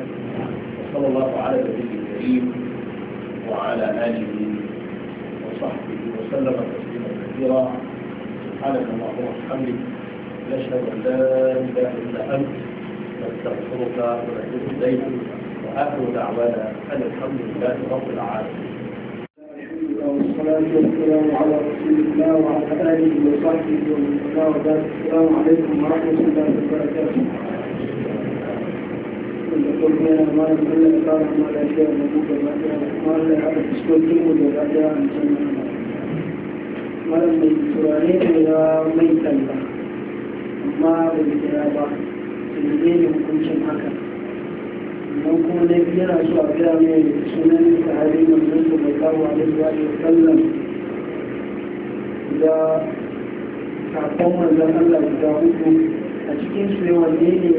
وصلى الله على النبي الكريم وعلى آله وصحبه وسلم تسليما كثيرا سبحانك اللهم وبحمدك نشهد أن لا إله إلا أنت نستغفرك ونتوب إليك وآخر دعوانا أن الحمد لله رب العالمين والصلاة والسلام على رسول الله وعلى آله وصحبه ومن والاه السلام عليكم ورحمة الله وبركاته. قلنا ما نقول لك ما لا شيء موجود ما لا هذا تشكل كلمة لا شيء عن ما لم يسرعين ولا ميتا ne ne hukuncin haka don kuma na biyu yana so a gaya mai sunan sahabi manzon sallallahu alaihi wa sallam da sakon manzon Allah guda uku a cikin su yawan ne ne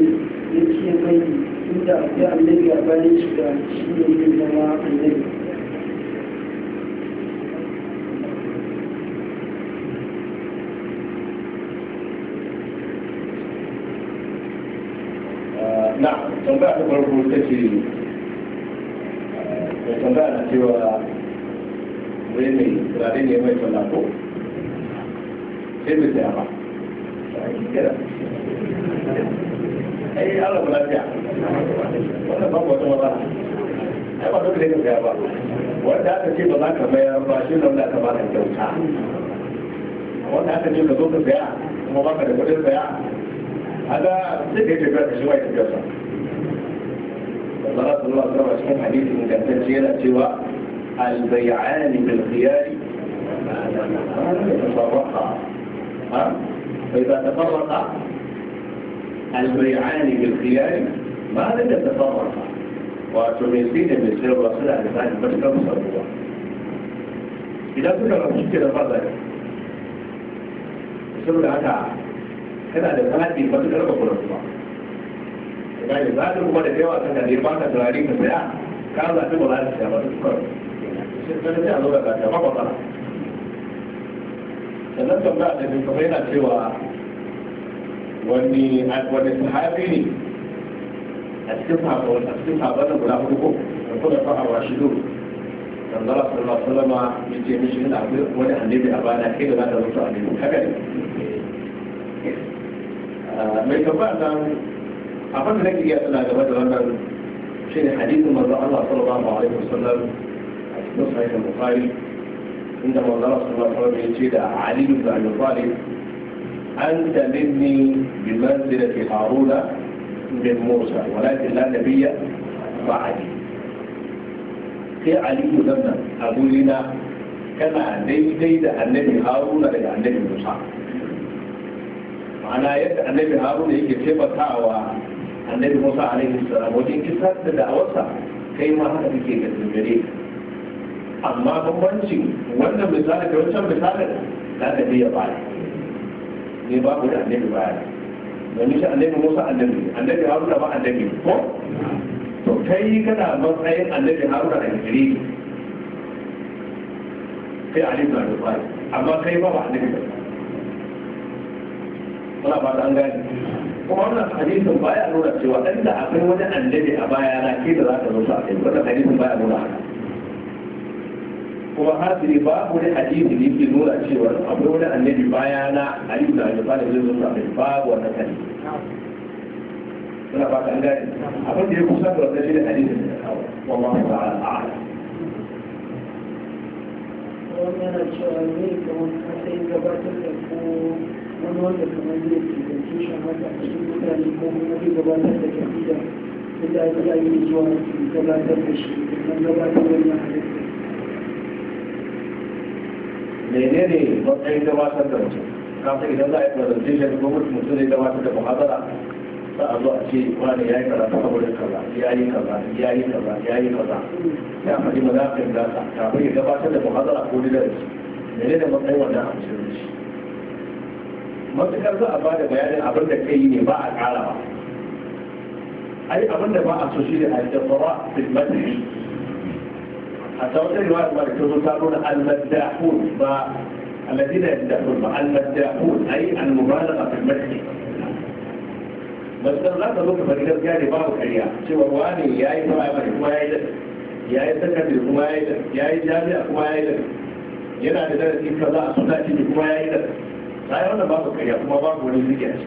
ya ce mai inda akwai annabi a bayan shi da shi ne zama annabi farko ta ce da tambaya na cewa zai mai turare ne mai tallako sai mai tsaya ba a yi ala ba lafiya wanda ba babu wata matsala ai ba duk da ka tsaya ba wanda aka ce ba za ka bayar ba shi na wanda aka ba ka kyauta wanda aka ce ka zo ka tsaya kuma ba ka da kudin tsaya a ga sai ka yi tafiya ka shi ma ya tafiya sa صلاه الله عليه وسلم حديث من كانت سيئة سوى البيعان بالخيار يتفرقا فإذا تفرقا البيعان بالخيار ما لم يتفرقا وتميزين من سير الرسول عليه الصلاه والسلام كم صلوا إذا كنا مشكلة فضل بسبب هذا كان هذا ثلاثة بس كم صلوا gane za kuma da yawa kan da ne ba ka turare ka saya ka zaɓi ba za ka saya ba su kawai sai sai a zo da ka ba sannan da bin kamar yana cewa wani wani sahabi ne a cikin sahabban a cikin guda hudu ko da kuma sahabba shi duk sallallahu alaihi wasallam ya ce mishi ina wani annabi a bana kai da za ka zo annabi haka ne eh, mai أقول لك يا أبناء جواد الأمر شيء حديث من رأى الله صلى الله عليه وسلم صحيح البخاري عندما رأى الله صلى الله عليه وسلم شيء علي بن أبي طالب أنت مني بمنزلة هارون من موسى ولكن لا نبي بعدي في علي بن أبو لنا كما نجد النبي هارون لدى النبي موسى معناه يد النبي هارون يجب تبقى annabi musa alaihi salam wajen kisa da da'awarsa kai ma haka kake da dangare amma bambanci wannan misali da wancan misali da ka biya baya ne ba ku da annabi baya domin shi annabi musa annabi annabi haruna ba annabi ko to kai kana matsayin annabi haruna da gari kai a na da amma kai ba ba annabi ba ba ta an gani kuma wannan hadisin baya nuna cewa dan da akwai wani annabi a baya na ke da za ka zo sa kai wannan hadisin baya nuna kuma har sai ba ne hadisi da yake nuna cewa akwai wani annabi baya na aliyu da alifa da zai zo sa kai babu wannan hadisi suna ba ka gani abin da ya kusa da wannan shine hadisin da kawo wallahu ta'ala a'lam yana cewa ne ga wani sai gabatar da ko wani wanda kamar yake tushen gabatar da menene matsayin gabatar da mutum kasa idan za a yi presentation ko mutum zai gabatar da muhazara za a zo a ce wani ya yi karatu a wurin kaza ya yi kaza ya yi kaza ya yi kaza ya faɗi mazaƙin gasa kafin ya gabatar da muhazara ko lidarci menene matsayin wannan a shi? matukar za a ba da bayanin abin da kai ne ba a ƙara ba ai abin da ba a so shi ne a jabara filmatari a tawata riwa da ta zo ta nuna almaddahun ba alladina yaddahun ba almaddahun ai almubalaga filmatari matukar za ka zo ka fari gaskiya ne babu karya cewa wani ya yi sama ya kuma ya yi da ya yi sakandare kuma ya yi da ya yi jami'a kuma ya yi da yana da darasi kaza a sunaci kuma ya yi da na yi wannan babu karya kuma babu wani zuke to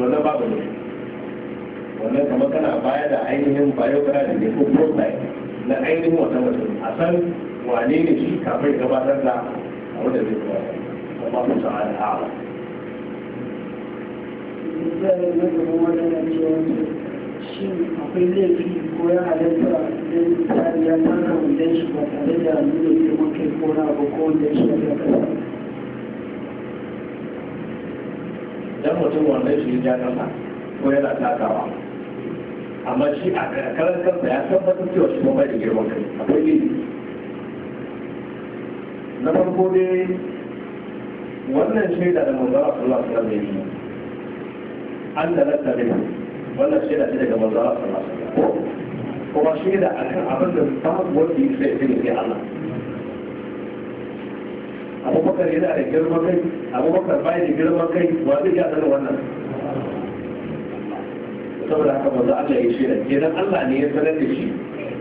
wannan babu ne wannan kamar kana baya da ainihin bayo kana da ke ko profile na ainihin wannan mutum a san wane ne shi kafin gabatar da a wanda zai kuma amma mun sa'a da ha'a shin akwai laifi ko ya halatta da misali ya tanka wanda shi ba tare da nuna girman ko na ko wanda shi ya idan mutum wanda shi ya kasa ko yana takawa amma shi a karan kansa ya tabbatar cewa shi bai da girman kai akwai ne na farko dai wannan shaida da manzo Allah sallallahu alaihi wasallam an da nan ne wannan shaida shi daga manzo Allah sallallahu alaihi wasallam kuma shaida akan abin da babu wanda yake sai Allah abubakar yana da girman kai abubakar bai da girman kai wa zai ya sanar wannan saboda haka manzo Allah ya shirya idan Allah ne ya sanar da shi